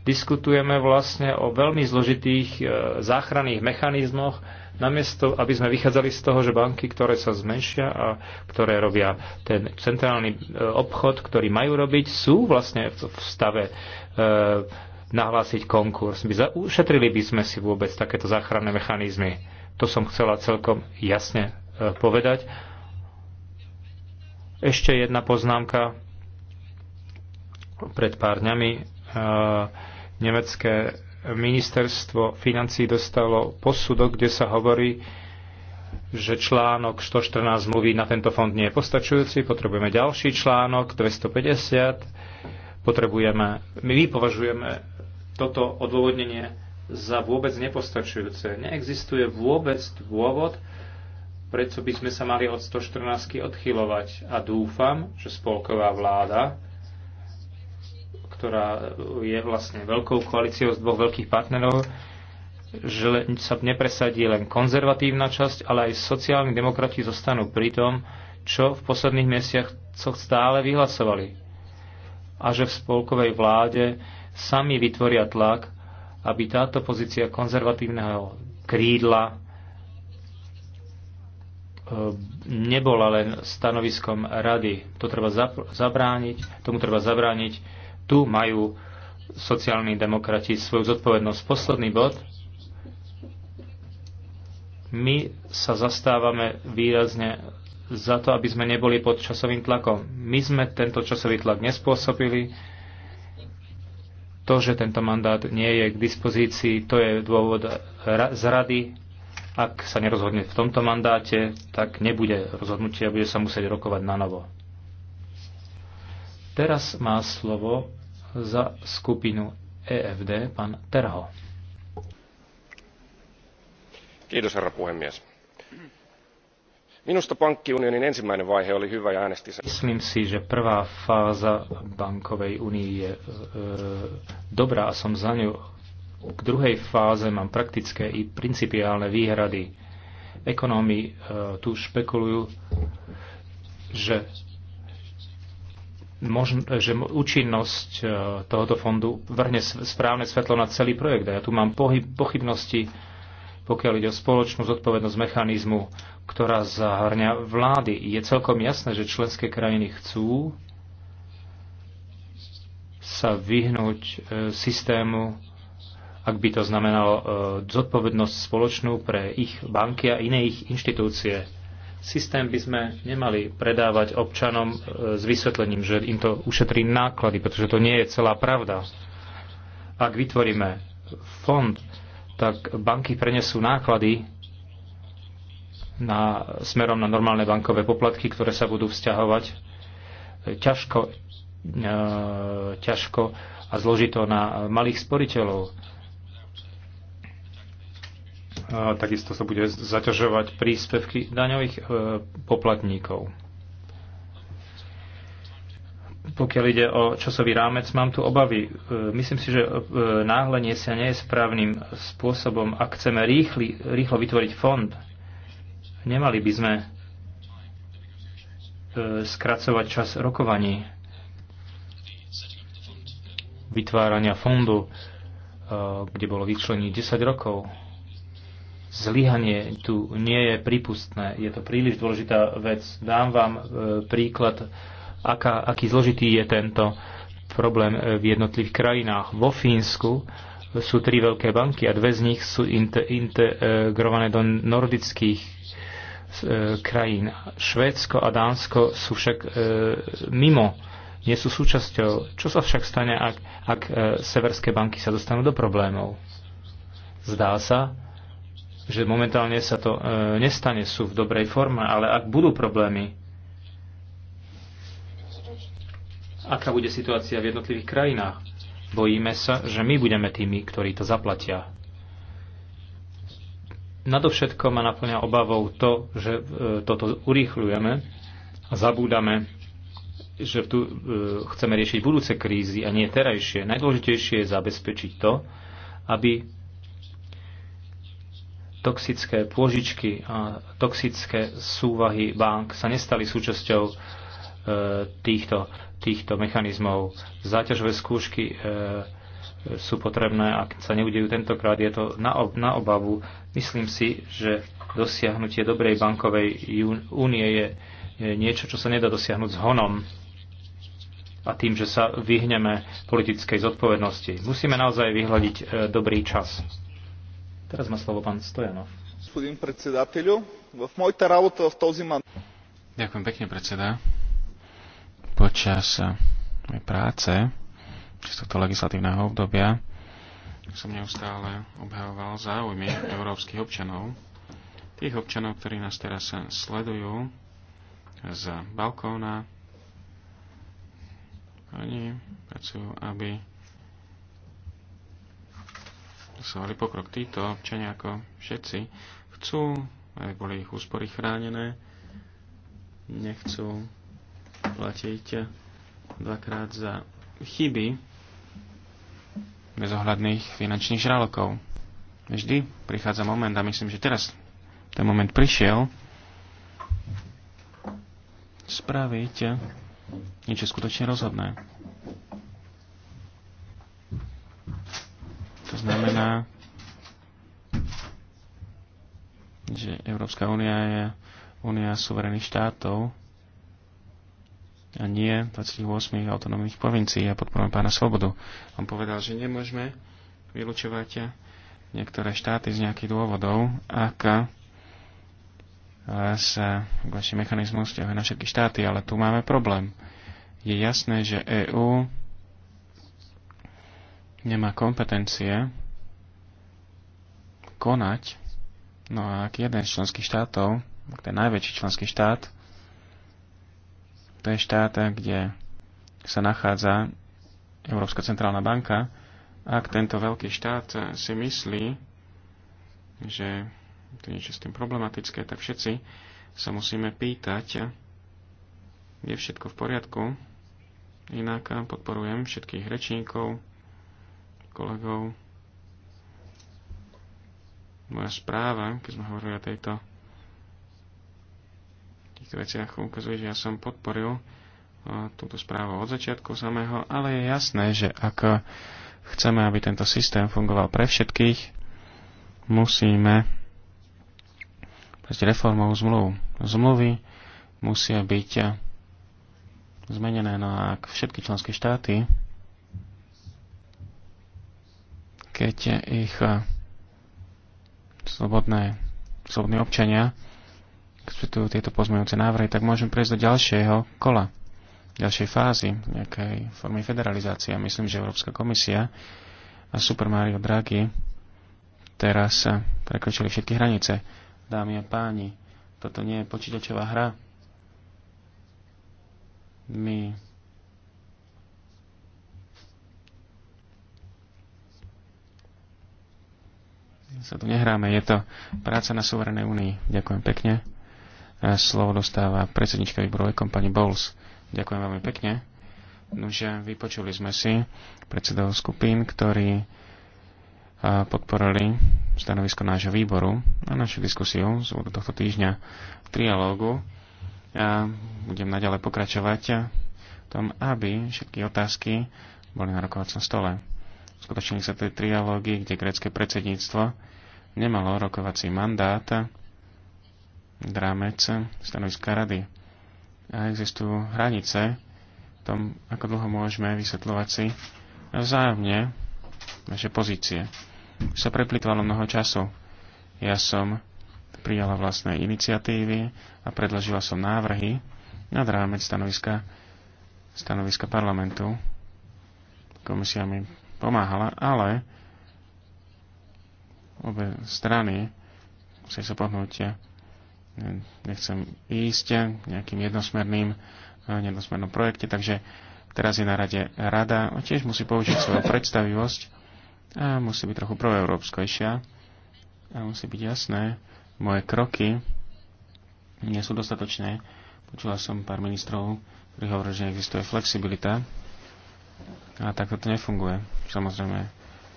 diskutujeme vlastne o veľmi zložitých e, záchranných mechanizmoch, Namiesto, aby sme vychádzali z toho, že banky, ktoré sa zmenšia a ktoré robia ten centrálny e, obchod, ktorý majú robiť, sú vlastne v stave e, nahlásiť konkurs. By ušetrili by sme si vôbec takéto záchranné mechanizmy. To som chcela celkom jasne e, povedať. Ešte jedna poznámka. Pred pár dňami nemecké ministerstvo financí dostalo posudok, kde sa hovorí, že článok 114 zmluvy na tento fond nie je postačujúci, potrebujeme ďalší článok 250, potrebujeme, my považujeme toto odôvodnenie za vôbec nepostačujúce. Neexistuje vôbec dôvod, prečo by sme sa mali od 114 odchylovať a dúfam, že spolková vláda ktorá je vlastne veľkou koalíciou z dvoch veľkých partnerov, že sa nepresadí len konzervatívna časť, ale aj sociálni demokrati zostanú pri tom, čo v posledných mesiacoch stále vyhlasovali. A že v spolkovej vláde sami vytvoria tlak, aby táto pozícia konzervatívneho krídla e, nebola len stanoviskom rady. To treba zabrániť, tomu treba zabrániť tu majú sociálni demokrati svoju zodpovednosť. Posledný bod. My sa zastávame výrazne za to, aby sme neboli pod časovým tlakom. My sme tento časový tlak nespôsobili. To, že tento mandát nie je k dispozícii, to je dôvod z rady. Ak sa nerozhodne v tomto mandáte, tak nebude rozhodnutie a bude sa musieť rokovať na novo. Teraz má slovo za skupinu EFD pán Terho. Kiitos, herra puhemies. Minusta pankkiunionin ensimmäinen vaihe oli hyvä ja äänestin sen. Myslím si, že prvá fáza bankovej unii je e, e, dobrá a som za ňu. K druhej fáze mám praktické i principiálne výhrady. Ekonómy e, tu špekulujú, že že účinnosť e, tohoto fondu vrhne správne svetlo na celý projekt. A ja tu mám pohyb, pochybnosti, pokiaľ ide o spoločnú zodpovednosť mechanizmu, ktorá zahrňa vlády. Je celkom jasné, že členské krajiny chcú sa vyhnúť e, systému, ak by to znamenalo e, zodpovednosť spoločnú pre ich banky a iné ich inštitúcie. Systém by sme nemali predávať občanom e, s vysvetlením, že im to ušetrí náklady, pretože to nie je celá pravda. Ak vytvoríme fond, tak banky prenesú náklady na, smerom na normálne bankové poplatky, ktoré sa budú vzťahovať e, ťažko, e, ťažko a zložito na malých sporiteľov takisto sa bude zaťažovať príspevky daňových e, poplatníkov. Pokiaľ ide o časový rámec, mám tu obavy. E, myslím si, že e, náhlenie sa nie je správnym spôsobom. Ak chceme rýchly, rýchlo vytvoriť fond, nemali by sme skracovať čas rokovaní, vytvárania fondu, kde bolo vyčlení 10 rokov zlyhanie tu nie je prípustné. Je to príliš dôležitá vec. Dám vám e, príklad, aká, aký zložitý je tento problém e, v jednotlivých krajinách. Vo Fínsku sú tri veľké banky a dve z nich sú integrované do nordických e, krajín. Švédsko a Dánsko sú však mimo, nie sú súčasťou. Čo sa však stane, ak, ak severské banky sa dostanú do problémov? Zdá sa, že momentálne sa to e, nestane, sú v dobrej forme, ale ak budú problémy, aká bude situácia v jednotlivých krajinách, bojíme sa, že my budeme tými, ktorí to zaplatia. Nadovšetko ma naplňa obavou to, že e, toto urýchľujeme a zabúdame, že tu e, chceme riešiť budúce krízy a nie terajšie. Najdôležitejšie je zabezpečiť to, aby toxické pôžičky a toxické súvahy bank sa nestali súčasťou e, týchto, týchto mechanizmov. Záťažové skúšky e, sú potrebné, ak sa neudejú tentokrát, je to na, ob, na obavu. Myslím si, že dosiahnutie dobrej bankovej únie je, je niečo, čo sa nedá dosiahnuť s honom a tým, že sa vyhneme politickej zodpovednosti. Musíme naozaj vyhľadiť e, dobrý čas. Teraz má slovo pán Stojanov. Ďakujem pekne, predseda. Počas eh, mojej práce, z tohto legislatívneho obdobia, som neustále obhajoval záujmy európskych občanov, tých občanov, ktorí nás teraz eh, sledujú z balkóna. Oni pracujú, aby dosiahli pokrok. Títo občania ako všetci chcú, aj boli ich úspory chránené, nechcú platiť dvakrát za chyby bezohľadných finančných žralokov. Vždy prichádza moment a myslím, že teraz ten moment prišiel spraviť niečo skutočne rozhodné. To znamená, že Európska únia je únia suverených štátov a nie 28 autonómnych provincií. a podporujem pána Svobodu. On povedal, že nemôžeme vylúčovať niektoré štáty z nejakých dôvodov, ak sa vašim mechanizmus vzťahuje na všetky štáty, ale tu máme problém. Je jasné, že EÚ nemá kompetencie konať. No a ak jeden z členských štátov, ak ten najväčší členský štát, to je štát, kde sa nachádza Európska centrálna banka, ak tento veľký štát si myslí, že to niečo s tým problematické, tak všetci sa musíme pýtať, je všetko v poriadku. Inak podporujem všetkých rečníkov, kolegov. Moja správa, keď sme hovorili o tejto týchto veciach ukazuje, že ja som podporil e, túto správu od začiatku samého, ale je jasné, že ak chceme, aby tento systém fungoval pre všetkých, musíme prejsť reformou zmluv. Zmluvy musia byť zmenené, no a ak všetky členské štáty keď ich eh, slobodné, slobodní občania akceptujú tieto pozmeňujúce návrhy, tak môžem prejsť do ďalšieho kola, ďalšej fázy, nejakej formy federalizácie. Myslím, že Európska komisia a Super Mario Draghi teraz eh, prekročili všetky hranice. Dámy a páni, toto nie je počítačová hra. My sa tu nehráme, je to práca na suverenej únii. Ďakujem pekne. Slovo dostáva predsednička výboru kompani Bowles. Ďakujem veľmi pekne. Nože vypočuli sme si predsedov skupín, ktorí podporili stanovisko nášho výboru a našu diskusiu z úvodu tohto týždňa v trialógu. Ja budem naďalej pokračovať v tom, aby všetky otázky boli na rokovacom stole skutočnili sa tie trialógy, kde grécke predsedníctvo nemalo rokovací mandát drámec stanoviska rady. A existujú hranice v tom, ako dlho môžeme vysvetľovať si vzájomne naše pozície. Už sa preplitovalo mnoho času. Ja som prijala vlastné iniciatívy a predložila som návrhy nad rámec stanoviska, stanoviska parlamentu. Komisia mi pomáhala, ale obe strany musia sa pohnúť. Nechcem ísť nejakým jednosmerným, jednosmernom projekte, takže teraz je na rade rada. Tiež musí použiť svoju predstavivosť a musí byť trochu proeurópskejšia a musí byť jasné, moje kroky nie sú dostatočné. Počula som pár ministrov, ktorí hovorili, že existuje flexibilita a takto to nefunguje. Samozrejme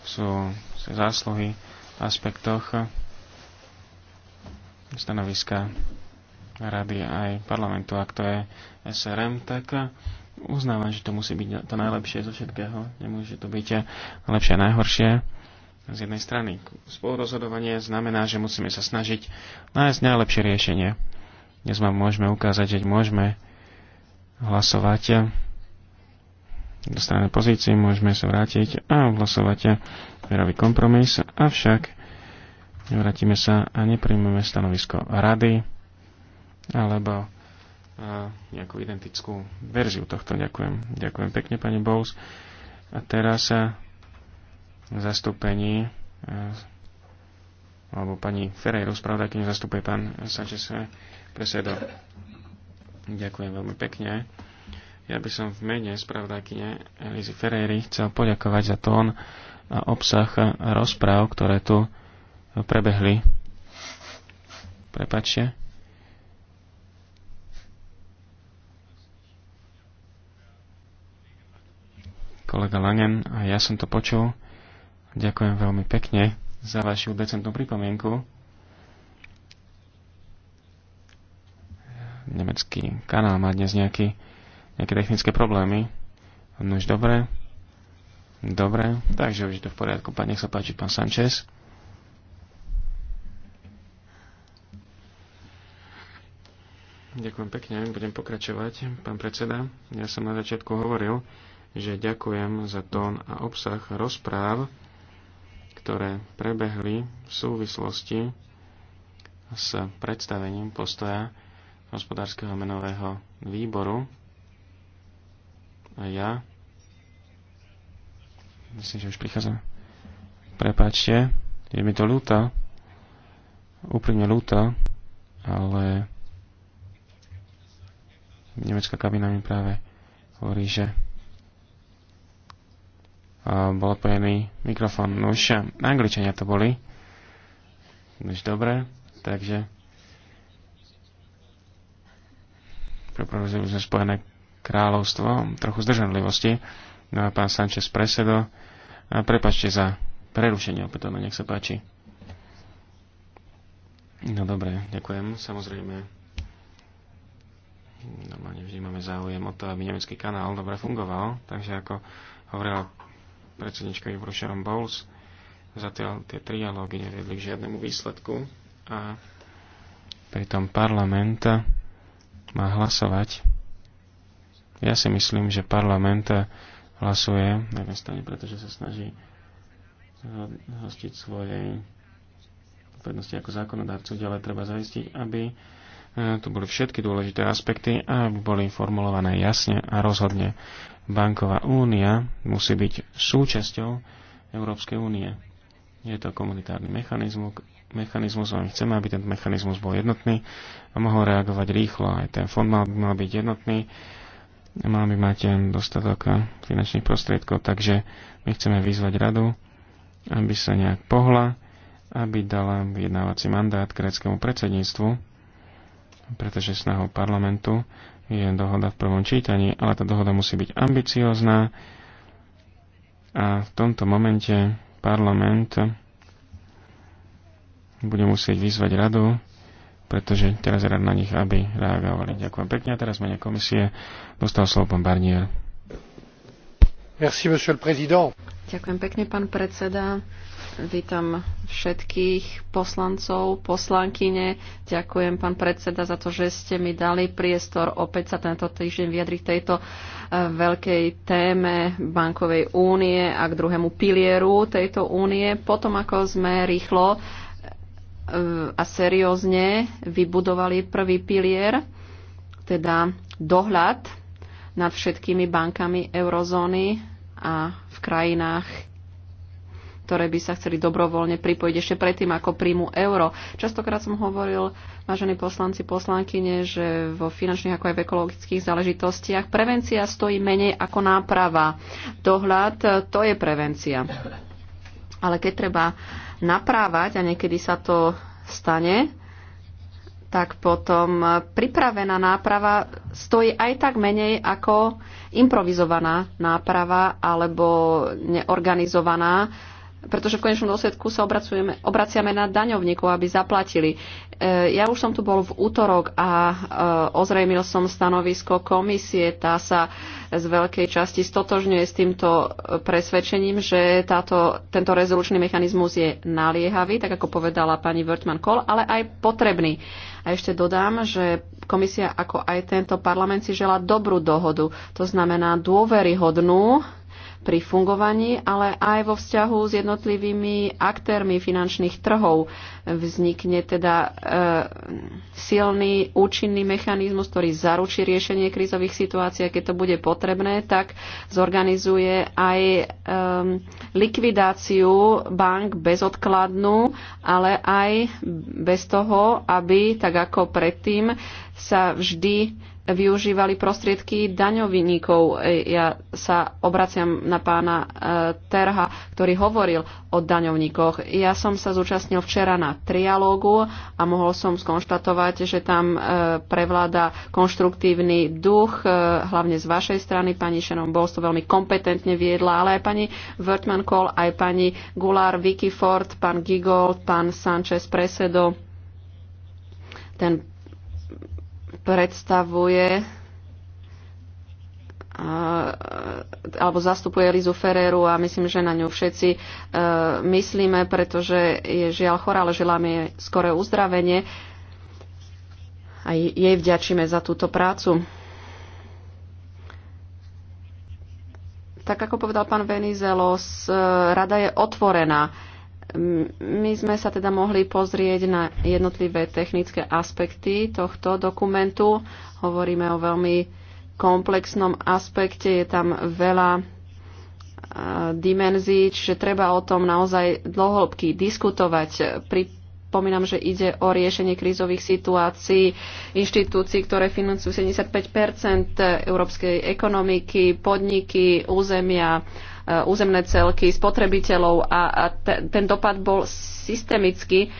sú zásluhy v aspektoch stanoviska rady aj parlamentu. Ak to je SRM, tak uznávam, že to musí byť to najlepšie zo všetkého. Nemôže to byť lepšie a najhoršie. Z jednej strany spolurozhodovanie znamená, že musíme sa snažiť nájsť najlepšie riešenie. Dnes vám môžeme ukázať, že môžeme hlasovať stranej pozícii, môžeme sa vrátiť a hlasovať verový kompromis, avšak vrátime sa a nepríjmeme stanovisko rady alebo nejakú identickú verziu tohto. Ďakujem. Ďakujem pekne, pani Bowles. A teraz sa zastúpení alebo pani Ferreira, keď zastupuje pán Sanchez eh, Presedo. Ďakujem veľmi pekne. Ja by som v mene spravodajkyne Elizy Ferreri chcel poďakovať za tón a obsah a rozpráv, ktoré tu prebehli. Prepačte. Kolega Langen, a ja som to počul. Ďakujem veľmi pekne za vašu decentnú pripomienku. Nemecký kanál má dnes nejaký nejaké technické problémy. No už dobre. Dobre, takže už je to v poriadku. Pán, nech sa páči, pán Sanchez. Ďakujem pekne, budem pokračovať. Pán predseda, ja som na začiatku hovoril, že ďakujem za tón a obsah rozpráv, ktoré prebehli v súvislosti s predstavením postoja hospodárskeho menového výboru a ja. Myslím, že už prichádzam. Prepáčte, je mi to ľúto. Úprimne ľúto, ale nemecká kabina mi práve hovorí, že a bol odpojený mikrofón. No už angličania to boli. No už dobre, takže prepravili sme spojené kráľovstvo, trochu zdržanlivosti. No a pán Sanchez Presedo, a prepačte za prerušenie opätovne, nech sa páči. No dobre, ďakujem. Samozrejme, normálne vždy máme záujem o to, aby nemecký kanál dobre fungoval, takže ako hovorila predsednička Ivro Bowles, zatiaľ tie trialógy neviedli k žiadnemu výsledku a pritom parlament má hlasovať ja si myslím, že parlament hlasuje na jednej strane, pretože sa snaží hostiť svojej odpovednosti ako zákonodárcu, ďalej treba zaistiť, aby e, tu boli všetky dôležité aspekty a aby boli formulované jasne a rozhodne. Banková únia musí byť súčasťou Európskej únie. Je to komunitárny mechanizmus, mechanizmus a my chceme, aby ten mechanizmus bol jednotný a mohol reagovať rýchlo. Aj ten fond mal, mal byť jednotný mal by mať eh, dostatok eh, finančných prostriedkov, takže my chceme vyzvať radu, aby sa nejak pohla, aby dala vyjednávací mandát gréckému predsedníctvu, pretože snahou parlamentu je dohoda v prvom čítaní, ale tá dohoda musí byť ambiciozná a v tomto momente parlament bude musieť vyzvať radu, pretože teraz rád na nich, aby reagovali. Ďakujem pekne a teraz mene komisie dostal slovo pán Barnier. Merci, monsieur le président. Ďakujem pekne, pán predseda. Vítam všetkých poslancov, poslankyne. Ďakujem, pán predseda, za to, že ste mi dali priestor opäť sa tento týždeň vyjadriť tejto e, veľkej téme bankovej únie a k druhému pilieru tejto únie. Potom, ako sme rýchlo E, a seriózne vybudovali prvý pilier, teda dohľad nad všetkými bankami eurozóny a v krajinách, ktoré by sa chceli dobrovoľne pripojiť ešte predtým, ako príjmu euro. Častokrát som hovoril, vážení poslanci, poslankyne, že vo finančných ako aj v ekologických záležitostiach prevencia stojí menej ako náprava. Dohľad, to je prevencia. Ale keď treba naprávať a niekedy sa to stane, tak potom pripravená náprava stojí aj tak menej ako improvizovaná náprava alebo neorganizovaná pretože v konečnom dôsledku sa obraciame na daňovníkov, aby zaplatili. E, ja už som tu bol v útorok a e, ozrejmil som stanovisko komisie. Tá sa z veľkej časti stotožňuje s týmto e, presvedčením, že táto, tento rezolučný mechanizmus je naliehavý, tak ako povedala pani Wörtman Kohl, ale aj potrebný. A ešte dodám, že komisia ako aj tento parlament si žela dobrú dohodu, to znamená dôveryhodnú pri fungovaní, ale aj vo vzťahu s jednotlivými aktérmi finančných trhov. Vznikne teda e, silný, účinný mechanizmus, ktorý zaručí riešenie krízových situácií keď to bude potrebné, tak zorganizuje aj e, likvidáciu bank bezodkladnú, ale aj bez toho, aby, tak ako predtým, sa vždy využívali prostriedky daňovinníkov. E, ja sa obraciam na pána e, Terha, ktorý hovoril o daňovníkoch. Ja som sa zúčastnil včera na trialógu a mohol som skonštatovať, že tam e, prevláda konštruktívny duch, hlavne z vašej strany. Pani Šenom Bols to veľmi kompetentne viedla, ale aj pani Wertmann Kohl, aj pani Gulár, Vicky Ford, pán Gigold, pán Sanchez Presedo ten predstavuje alebo zastupuje Lizu Ferreru a myslím, že na ňu všetci e, myslíme, pretože je žiaľ chorá, ale želáme jej skoré uzdravenie a jej vďačíme za túto prácu. Tak ako povedal pán Venizelos, e, rada je otvorená my sme sa teda mohli pozrieť na jednotlivé technické aspekty tohto dokumentu. Hovoríme o veľmi komplexnom aspekte, je tam veľa e, dimenzií, čiže treba o tom naozaj dlhohĺbky diskutovať. Pri Pomínam, že ide o riešenie krízových situácií inštitúcií, ktoré financujú 75 európskej ekonomiky, podniky, územia, e, územné celky, spotrebiteľov a, ten dopad bol systemický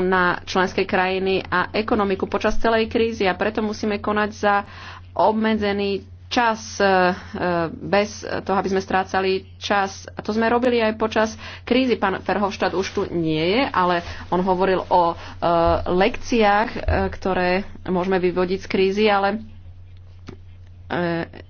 na členské krajiny a ekonomiku počas celej krízy a preto musíme konať za obmedzený čas e, e, bez toho, aby sme strácali čas. A to sme robili aj počas krízy. Pán Ferhovštát už tu nie je, ale on hovoril o e, lekciách, ktoré môžeme vyvodiť z krízy, ale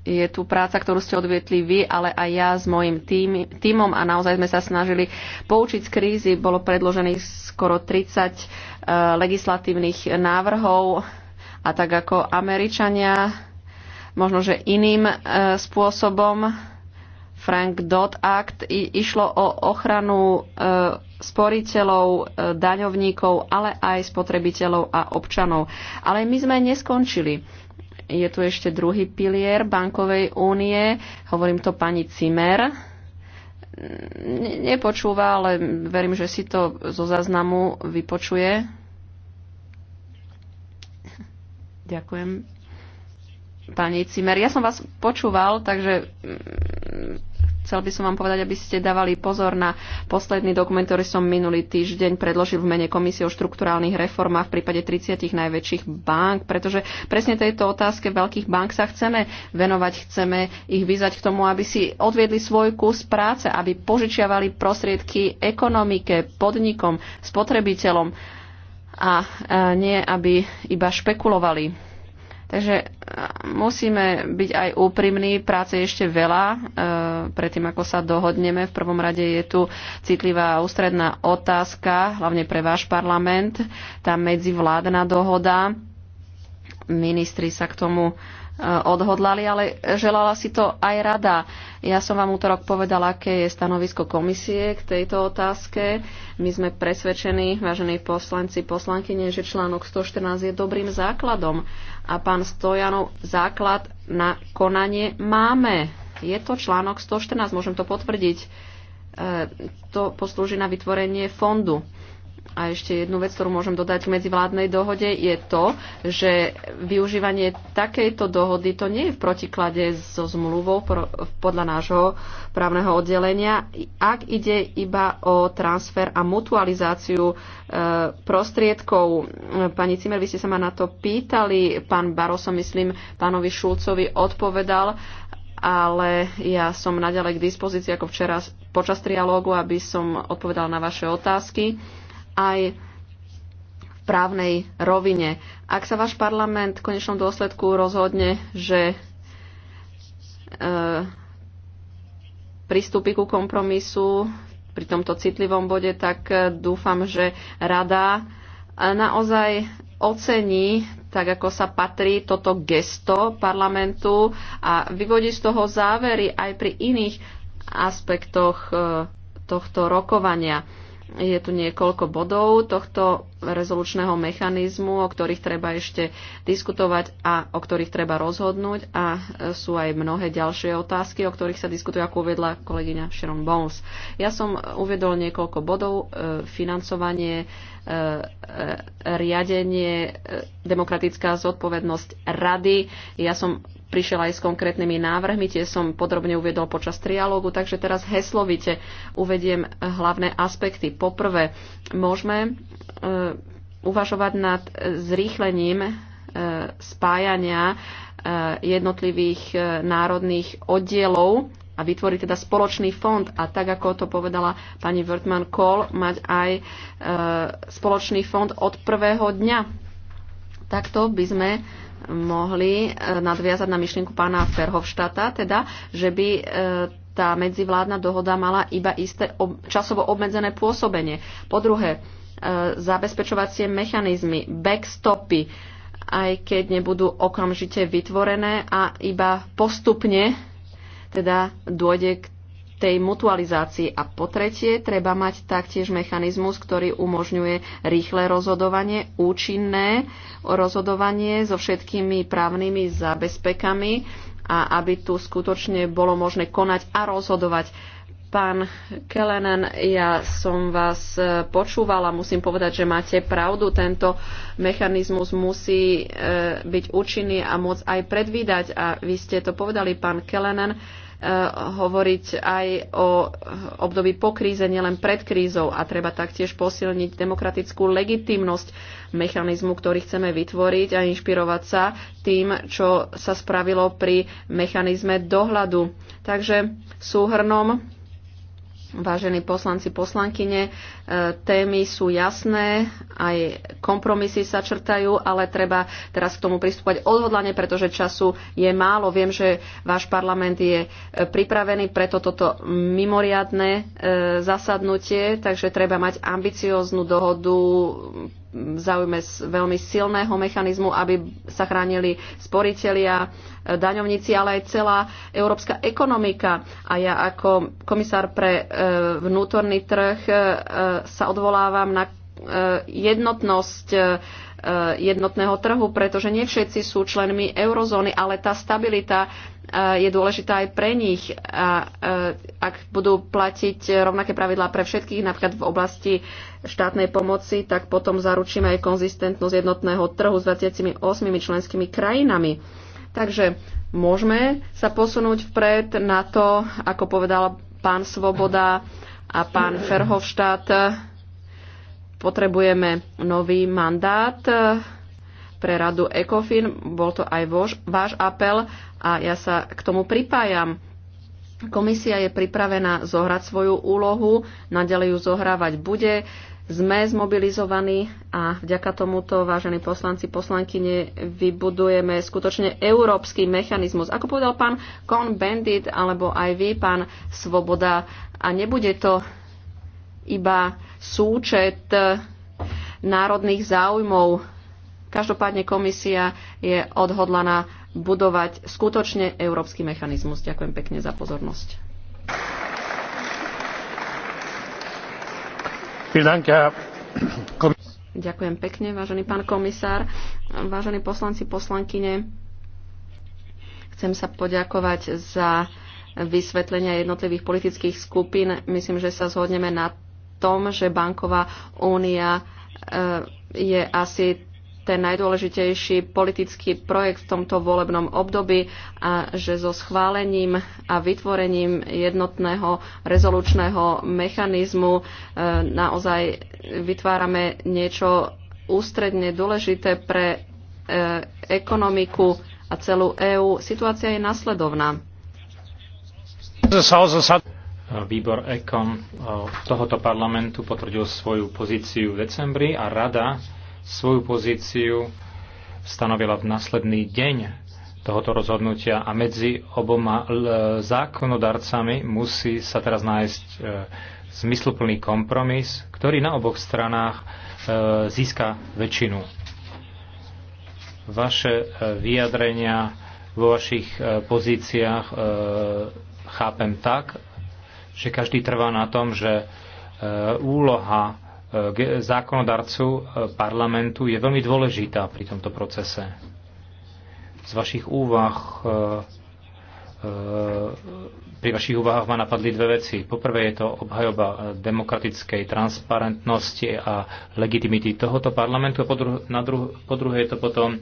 je tu práca, ktorú ste odvietli vy, ale aj ja s mojim tým, týmom a naozaj sme sa snažili poučiť z krízy. Bolo predložených skoro 30 legislatívnych návrhov a tak ako Američania možno, že iným e, spôsobom. Frank dot Act išlo o ochranu e, sporiteľov, e, daňovníkov, ale aj spotrebiteľov a občanov. Ale my sme neskončili. Je tu ešte druhý pilier bankovej únie, hovorím to pani Cimer. Nepočúva, ale verím, že si to zo záznamu vypočuje. Ďakujem Pani Cimer, ja som vás počúval, takže mm, chcel by som vám povedať, aby ste dávali pozor na posledný dokument, ktorý som minulý týždeň predložil v mene Komisie o štruktúrálnych reformách v prípade 30 najväčších bank, pretože presne tejto otázke veľkých bank sa chceme venovať, chceme ich vyzať k tomu, aby si odviedli svoj kus práce, aby požičiavali prostriedky ekonomike, podnikom, spotrebiteľom a e, nie, aby iba špekulovali Takže e, musíme byť aj úprimní, práce je ešte veľa. E, predtým, ako sa dohodneme, v prvom rade je tu citlivá ústredná otázka, hlavne pre váš parlament, tá medzivládna dohoda. Ministri sa k tomu e, Eh, odhodlali, ale želala si to aj rada. Ja som vám útorok povedala, aké je stanovisko komisie k tejto otázke. My sme presvedčení, vážení poslanci, poslankyne, že článok 114 je dobrým základom a pán Stojanov základ na konanie máme. Je to článok 114, môžem to potvrdiť. Eh, to poslúži na vytvorenie fondu. A ešte jednu vec, ktorú môžem dodať k medzivládnej dohode, je to, že využívanie takejto dohody to nie je v protiklade so zmluvou podľa nášho právneho oddelenia, ak ide iba o transfer a mutualizáciu e, prostriedkov. E, pani Cimer, vy ste sa ma na to pýtali, pán Baroso, myslím, pánovi Šulcovi odpovedal, ale ja som naďalej k dispozícii ako včera počas trialógu, aby som odpovedal na vaše otázky aj v právnej rovine. Ak sa váš parlament v konečnom dôsledku rozhodne, že e, pristúpi ku kompromisu pri tomto citlivom bode, tak e, dúfam, že rada e, naozaj ocení, tak ako sa patrí toto gesto parlamentu a vyvodí z toho závery aj pri iných aspektoch tohto rokovania. Je tu niekoľko bodov tohto rezolučného mechanizmu, o ktorých treba ešte diskutovať a o ktorých treba rozhodnúť a sú aj mnohé ďalšie otázky, o ktorých sa diskutuje, ako uvedla kolegyňa Sharon Bones. Ja som uvedol niekoľko bodov, e, financovanie, e, e, riadenie, demokratická zodpovednosť rady. Ja som prišiel aj s konkrétnymi návrhmi, tie som podrobne uviedol počas trialógu, takže teraz heslovite uvediem hlavné aspekty. Poprvé, môžeme e, uvažovať nad zrýchlením e, spájania e, jednotlivých národných oddielov a vytvoriť teda spoločný fond a tak, ako to povedala pani Wertmann Kohl, mať aj spoločný fond od prvého dňa. Takto by sme mohli e, nadviazať na myšlienku pána Ferhovštata, teda, že by e, tá medzivládna dohoda mala iba isté časovo obmedzené pôsobenie. Po druhé, e, zabezpečovacie mechanizmy, backstopy, aj keď nebudú okamžite vytvorené a iba postupne teda dôjde k tej mutualizácii. A po tretie, treba mať taktiež mechanizmus, ktorý umožňuje rýchle rozhodovanie, účinné rozhodovanie so všetkými právnymi zabezpekami a aby tu skutočne bolo možné konať a rozhodovať. Pán Kelenen, ja som vás e, počúvala, musím povedať, že máte pravdu. Tento mechanizmus musí e, byť účinný a môcť aj predvídať. A vy ste to povedali, pán Kelenen Eh, hovoriť aj o období po kríze, nielen pred krízou. A treba taktiež posilniť demokratickú legitimnosť mechanizmu, ktorý chceme vytvoriť a inšpirovať sa tým, čo sa spravilo pri mechanizme dohľadu. Takže súhrnom vážení poslanci, poslankyne, témy sú jasné, aj kompromisy sa črtajú, ale treba teraz k tomu pristúpať odhodlane, pretože času je málo. Viem, že váš parlament je e, pripravený, preto toto mimoriadne e, zasadnutie, takže treba mať ambicióznu dohodu v záujme veľmi silného mechanizmu, aby sa chránili sporiteľia, e, daňovníci, ale aj celá európska ekonomika. A ja ako komisár pre vnútorný trh sa odvolávam na eh, jednotnosť eh, jednotného trhu, pretože nie všetci sú členmi eurozóny, ale tá stabilita eh, je dôležitá aj pre nich. A ak budú platiť rovnaké pravidlá pre všetkých, napríklad v oblasti štátnej pomoci, tak potom zaručíme aj konzistentnosť jednotného trhu s 28 členskými krajinami. Takže môžeme sa posunúť vpred na to, ako povedal pán Svoboda, a pán Ferhovštát potrebujeme nový mandát pre radu ECOFIN. Bol to aj vož, váš apel a ja sa k tomu pripájam. Komisia je pripravená zohrať svoju úlohu, nadalej ju zohrávať bude sme zmobilizovaní a vďaka tomuto, vážení poslanci, poslankyne, vybudujeme skutočne európsky mechanizmus. Ako povedal pán Kon Bandit, alebo aj vy, pán Svoboda, a nebude to iba súčet eh, národných záujmov. Každopádne komisia je odhodlaná budovať skutočne európsky mechanizmus. Ďakujem pekne za pozornosť. Ďakujem pekne, vážený pán komisár, vážení poslanci, poslankyne. Chcem sa poďakovať za vysvetlenia jednotlivých politických skupín. Myslím, že sa zhodneme na tom, že banková únia eh, je asi ten najdôležitejší politický projekt v tomto volebnom období a že so schválením a vytvorením jednotného rezolučného mechanizmu e, naozaj vytvárame niečo ústredne dôležité pre e, ekonomiku a celú EÚ. Situácia je nasledovná. Výbor ecom e, tohoto parlamentu potvrdil svoju pozíciu v decembri a rada svoju pozíciu stanovila v následný deň tohoto rozhodnutia a medzi oboma zákonodarcami musí sa teraz nájsť e, zmysluplný kompromis, ktorý na oboch stranách e, získa väčšinu. Vaše e, vyjadrenia vo vašich e, pozíciách e, chápem tak, že každý trvá na tom, že e, úloha zákonodarcu e, parlamentu je veľmi dôležitá pri tomto procese. Z vašich úvah e, e, pri vašich úvahách ma napadli dve veci. Poprvé je to obhajoba demokratickej transparentnosti a legitimity tohoto parlamentu a po, dru- na dru- po druhé je to potom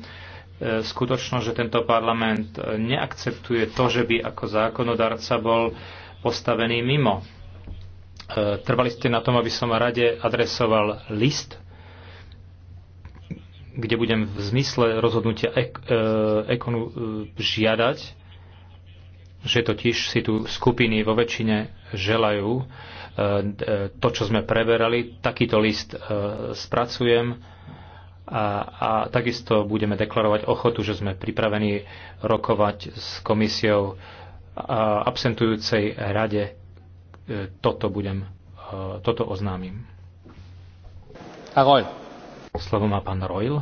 skutočnosť, že tento parlament neakceptuje to, že by ako zákonodarca bol postavený mimo E, trvali ste na tom, aby som rade adresoval list, kde budem v zmysle rozhodnutia ek, e, ekonu e, žiadať, že totiž si tu skupiny vo väčšine želajú e, e to, čo sme preberali. Takýto list e, spracujem a, a takisto budeme deklarovať ochotu, že sme pripravení rokovať s komisiou a absentujúcej rade toto budem, e, toto oznámim. A Royl. Slovo má pán Royl.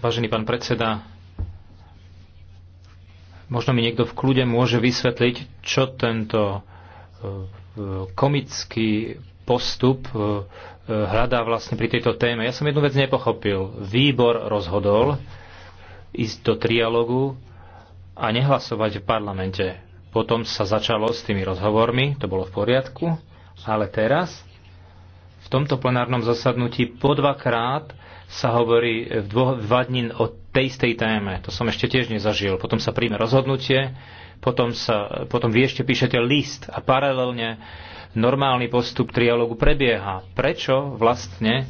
Vážený pán predseda, možno mi niekto v kľude môže vysvetliť, čo tento e, komický postup e, hľadá vlastne pri tejto téme. Ja som jednu vec nepochopil. Výbor rozhodol ísť do trialogu a nehlasovať v parlamente. Potom sa začalo s tými rozhovormi, to bolo v poriadku, ale teraz v tomto plenárnom zasadnutí po dvakrát sa hovorí v dvo, dva dní o tej istej téme. To som ešte tiež nezažil. Potom sa príjme rozhodnutie, potom, sa, potom vy ešte píšete list a paralelne normálny postup trialógu prebieha. Prečo vlastne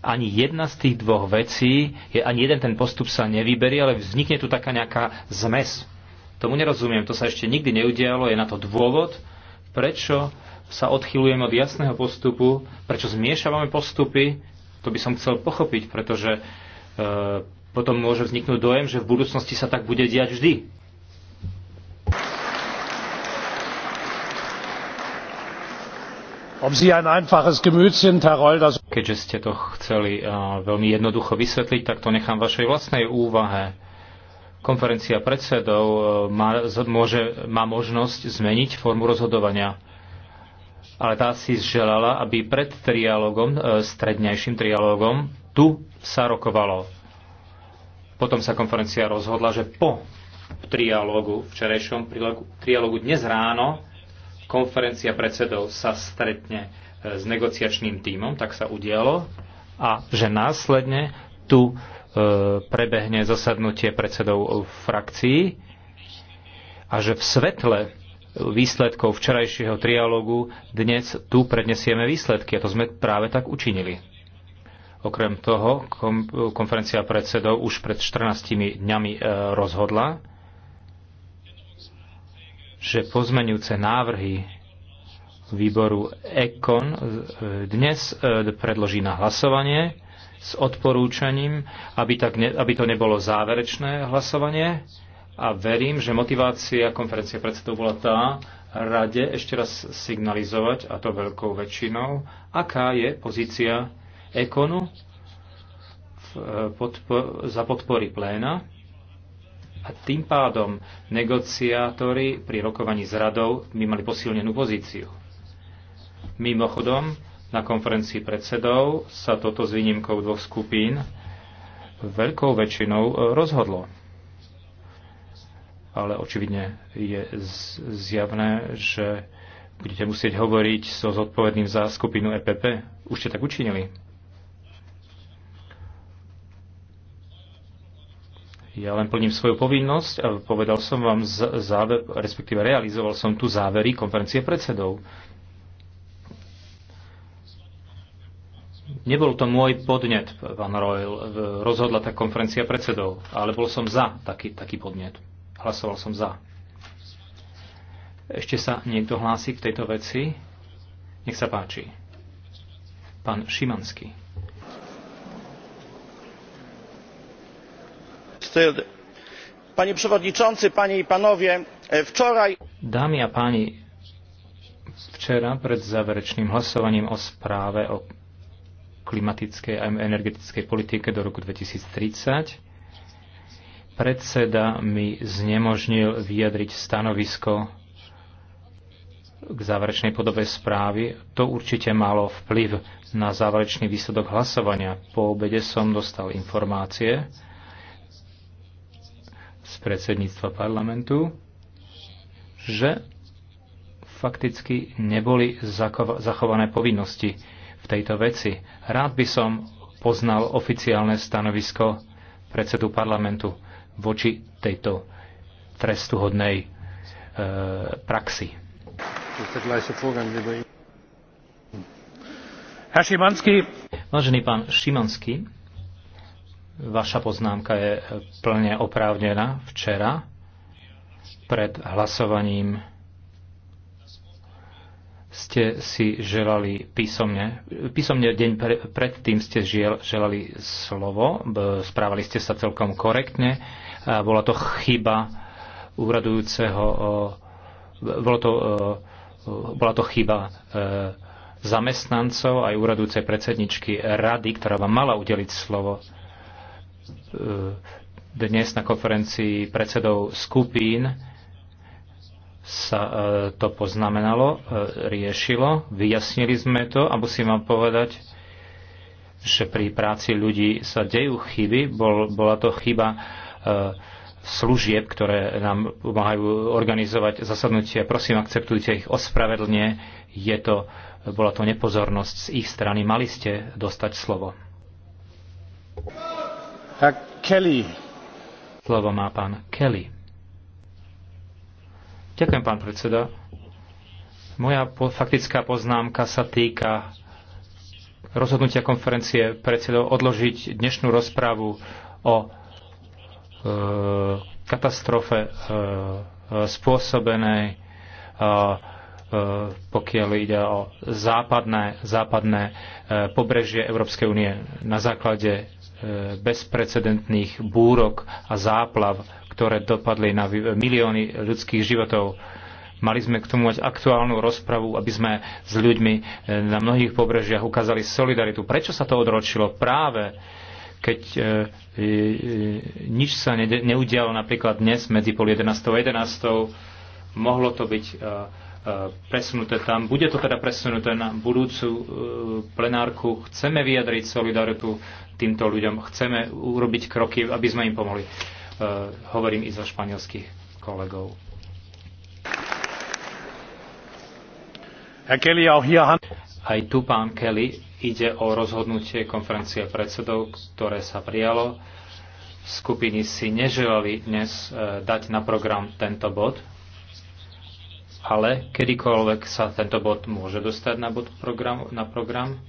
ani jedna z tých dvoch vecí, je, ani jeden ten postup sa nevyberie, ale vznikne tu taká nejaká zmes. Tomu nerozumiem, to sa ešte nikdy neudialo, je na to dôvod, prečo sa odchylujeme od jasného postupu, prečo zmiešavame postupy, to by som chcel pochopiť, pretože e, potom môže vzniknúť dojem, že v budúcnosti sa tak bude diať vždy. Keďže ste to chceli veľmi jednoducho vysvetliť, tak to nechám vašej vlastnej úvahe. Konferencia predsedov e, má, môže, má možnosť zmeniť formu rozhodovania. Ale tá si želala, aby pred trialogom, e, strednejším trialogom, tu sa rokovalo. Potom sa konferencia rozhodla, že po trialógu, včerajšom trialógu dnes ráno, konferencia predsedov sa stretne e, s negociačným tímom, tak sa udialo, a že následne tu e, prebehne zasadnutie predsedov frakcií a že v svetle výsledkov včerajšieho trialógu dnes tu prednesieme výsledky a to sme práve tak učinili. Okrem toho konferencia predsedov už pred 14 dňami e, rozhodla, že pozmenujúce návrhy výboru EKON e, dnes e, predloží na hlasovanie s odporúčaním, aby, tak ne, aby to nebolo záverečné hlasovanie a verím, že motivácia konferencie predsedov bola tá, rade ešte raz signalizovať, a to veľkou väčšinou, aká je pozícia ekonu v, e, podpo, za podpory pléna a tým pádom negociátori pri rokovaní s radou by mali posilnenú pozíciu. Mimochodom, na konferencii predsedov sa toto s výnimkou dvoch skupín veľkou väčšinou e, rozhodlo. Ale očividne je zjavné, že budete musieť hovoriť so zodpovedným za skupinu EPP. Už ste tak učinili. Ja len plním svoju povinnosť a povedal som vám záver, respektíve realizoval som tu závery konferencie predsedov. Nebol to môj podnet, pán Royal, rozhodla tá konferencia predsedov, ale bol som za taký, taký podnet. Hlasoval som za. Ešte sa niekto hlási k tejto veci? Nech sa páči. Pán Šimanský. panie przewodniczący panie i panowie! E, wczoraj. dámy a páni včera pred záverečným hlasovaním o správe o klimatickej a energetickej politike do roku 2030 predseda mi znemožnil vyjadriť stanovisko k záverečnej podobe správy, to určite malo vplyv na záverečný výsledok hlasovania. Po obede som dostal informácie, z predsedníctva parlamentu, že fakticky neboli zachované povinnosti v tejto veci. Rád by som poznal oficiálne stanovisko predsedu parlamentu voči tejto trestuhodnej e, praxi. Vážený pán Šimanský, Vaša poznámka je plne oprávnená včera pred hlasovaním ste si želali písomne, písomne deň pre, predtým ste žiel, želali slovo, správali ste sa celkom korektne, a bola to chyba úradujúceho, bolo to, bola to chyba e, zamestnancov aj úradujúcej predsedničky rady, ktorá vám mala udeliť slovo. E, dnes na konferencii predsedov skupín sa e, to poznamenalo, e, riešilo, vyjasnili sme to a musím vám povedať, že pri práci ľudí sa dejú chyby. Bol, bola to chyba služieb, ktoré nám pomáhajú organizovať zasadnutie. Prosím, akceptujte ich ospravedlne. Je to, bola to nepozornosť z ich strany. Mali ste dostať slovo. Kelly. Slovo má pán Kelly. Ďakujem, pán predseda. Moja faktická poznámka sa týka rozhodnutia konferencie predsedov odložiť dnešnú rozprávu o e, katastrofe e, e spôsobenej, e, e, pokiaľ ide o západné, západné e, pobrežie Európskej únie na základe E, bezprecedentných búrok a záplav, ktoré dopadli na milióny ľudských životov. Mali sme k tomu mať aktuálnu rozpravu, aby sme s ľuďmi e, na mnohých pobrežiach ukázali solidaritu. Prečo sa to odročilo práve keď e, e, nič sa ne, neudialo napríklad dnes medzi pol 11. a 11. Mohlo to byť e, E, presunuté tam. Bude to teda presunuté na budúcu e, plenárku. Chceme vyjadriť solidaritu týmto ľuďom. Chceme urobiť kroky, aby sme im pomohli. E, hovorím i za španielských kolegov. Aj tu, pán Kelly, ide o rozhodnutie konferencie predsedov, ktoré sa prijalo. Skupiny si neželali dnes dať na program tento bod, ale kedykoľvek sa tento bod môže dostať na, bod program, na program.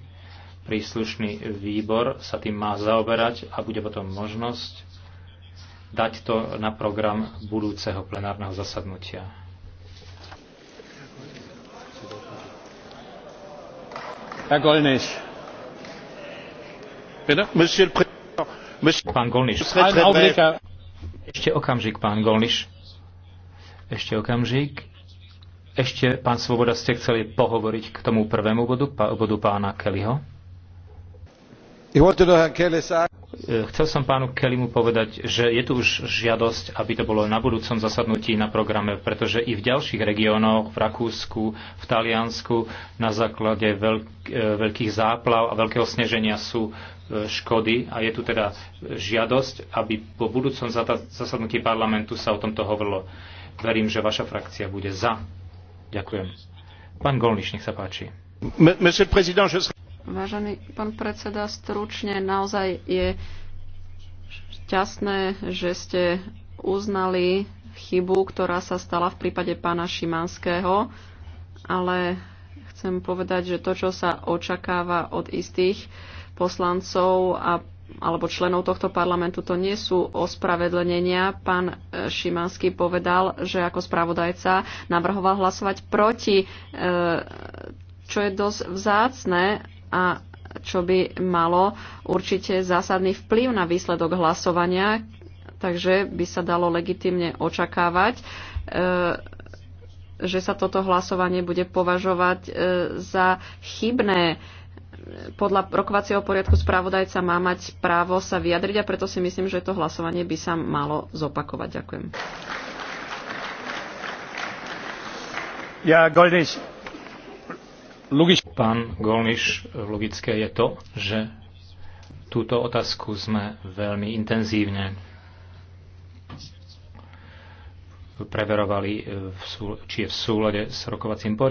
Príslušný výbor sa tým má zaoberať a bude potom možnosť dať to na program budúceho plenárneho zasadnutia. Pán Golniš, ešte okamžik, pán Golniš. Ešte okamžik. Ešte, pán Svoboda, ste chceli pohovoriť k tomu prvému bodu, bodu pána Kellyho? E, chcel som pánu Kellymu povedať, že je tu už žiadosť, aby to bolo na budúcom zasadnutí na programe, pretože i v ďalších regiónoch, v Rakúsku, v Taliansku, na základe veľk, e, veľkých záplav a veľkého sneženia sú e, škody a je tu teda žiadosť, aby po budúcom zasadnutí parlamentu sa o tomto hovorilo. Verím, že vaša frakcia bude za Ďakujem. Pán Golniš, nech sa páči. Vážený pán predseda, stručne naozaj je šťastné, že ste uznali chybu, ktorá sa stala v prípade pána Šimanského, ale chcem povedať, že to, čo sa očakáva od istých poslancov a alebo členov tohto parlamentu to nie sú ospravedlenenia. Pán e, Šimanský povedal, že ako spravodajca navrhoval hlasovať proti, e, čo je dosť vzácne a čo by malo určite zásadný vplyv na výsledok hlasovania, takže by sa dalo legitimne očakávať, e, že sa toto hlasovanie bude považovať za chybné podľa rokovacieho poriadku správodajca má mať právo sa vyjadriť a preto si myslím, že to hlasovanie by sa malo zopakovať. Ďakujem. Ja, Golniš. Logič. Pán Golniš, logické je to, že túto otázku sme veľmi intenzívne preverovali, či je v súlade s rokovacím poriadkom.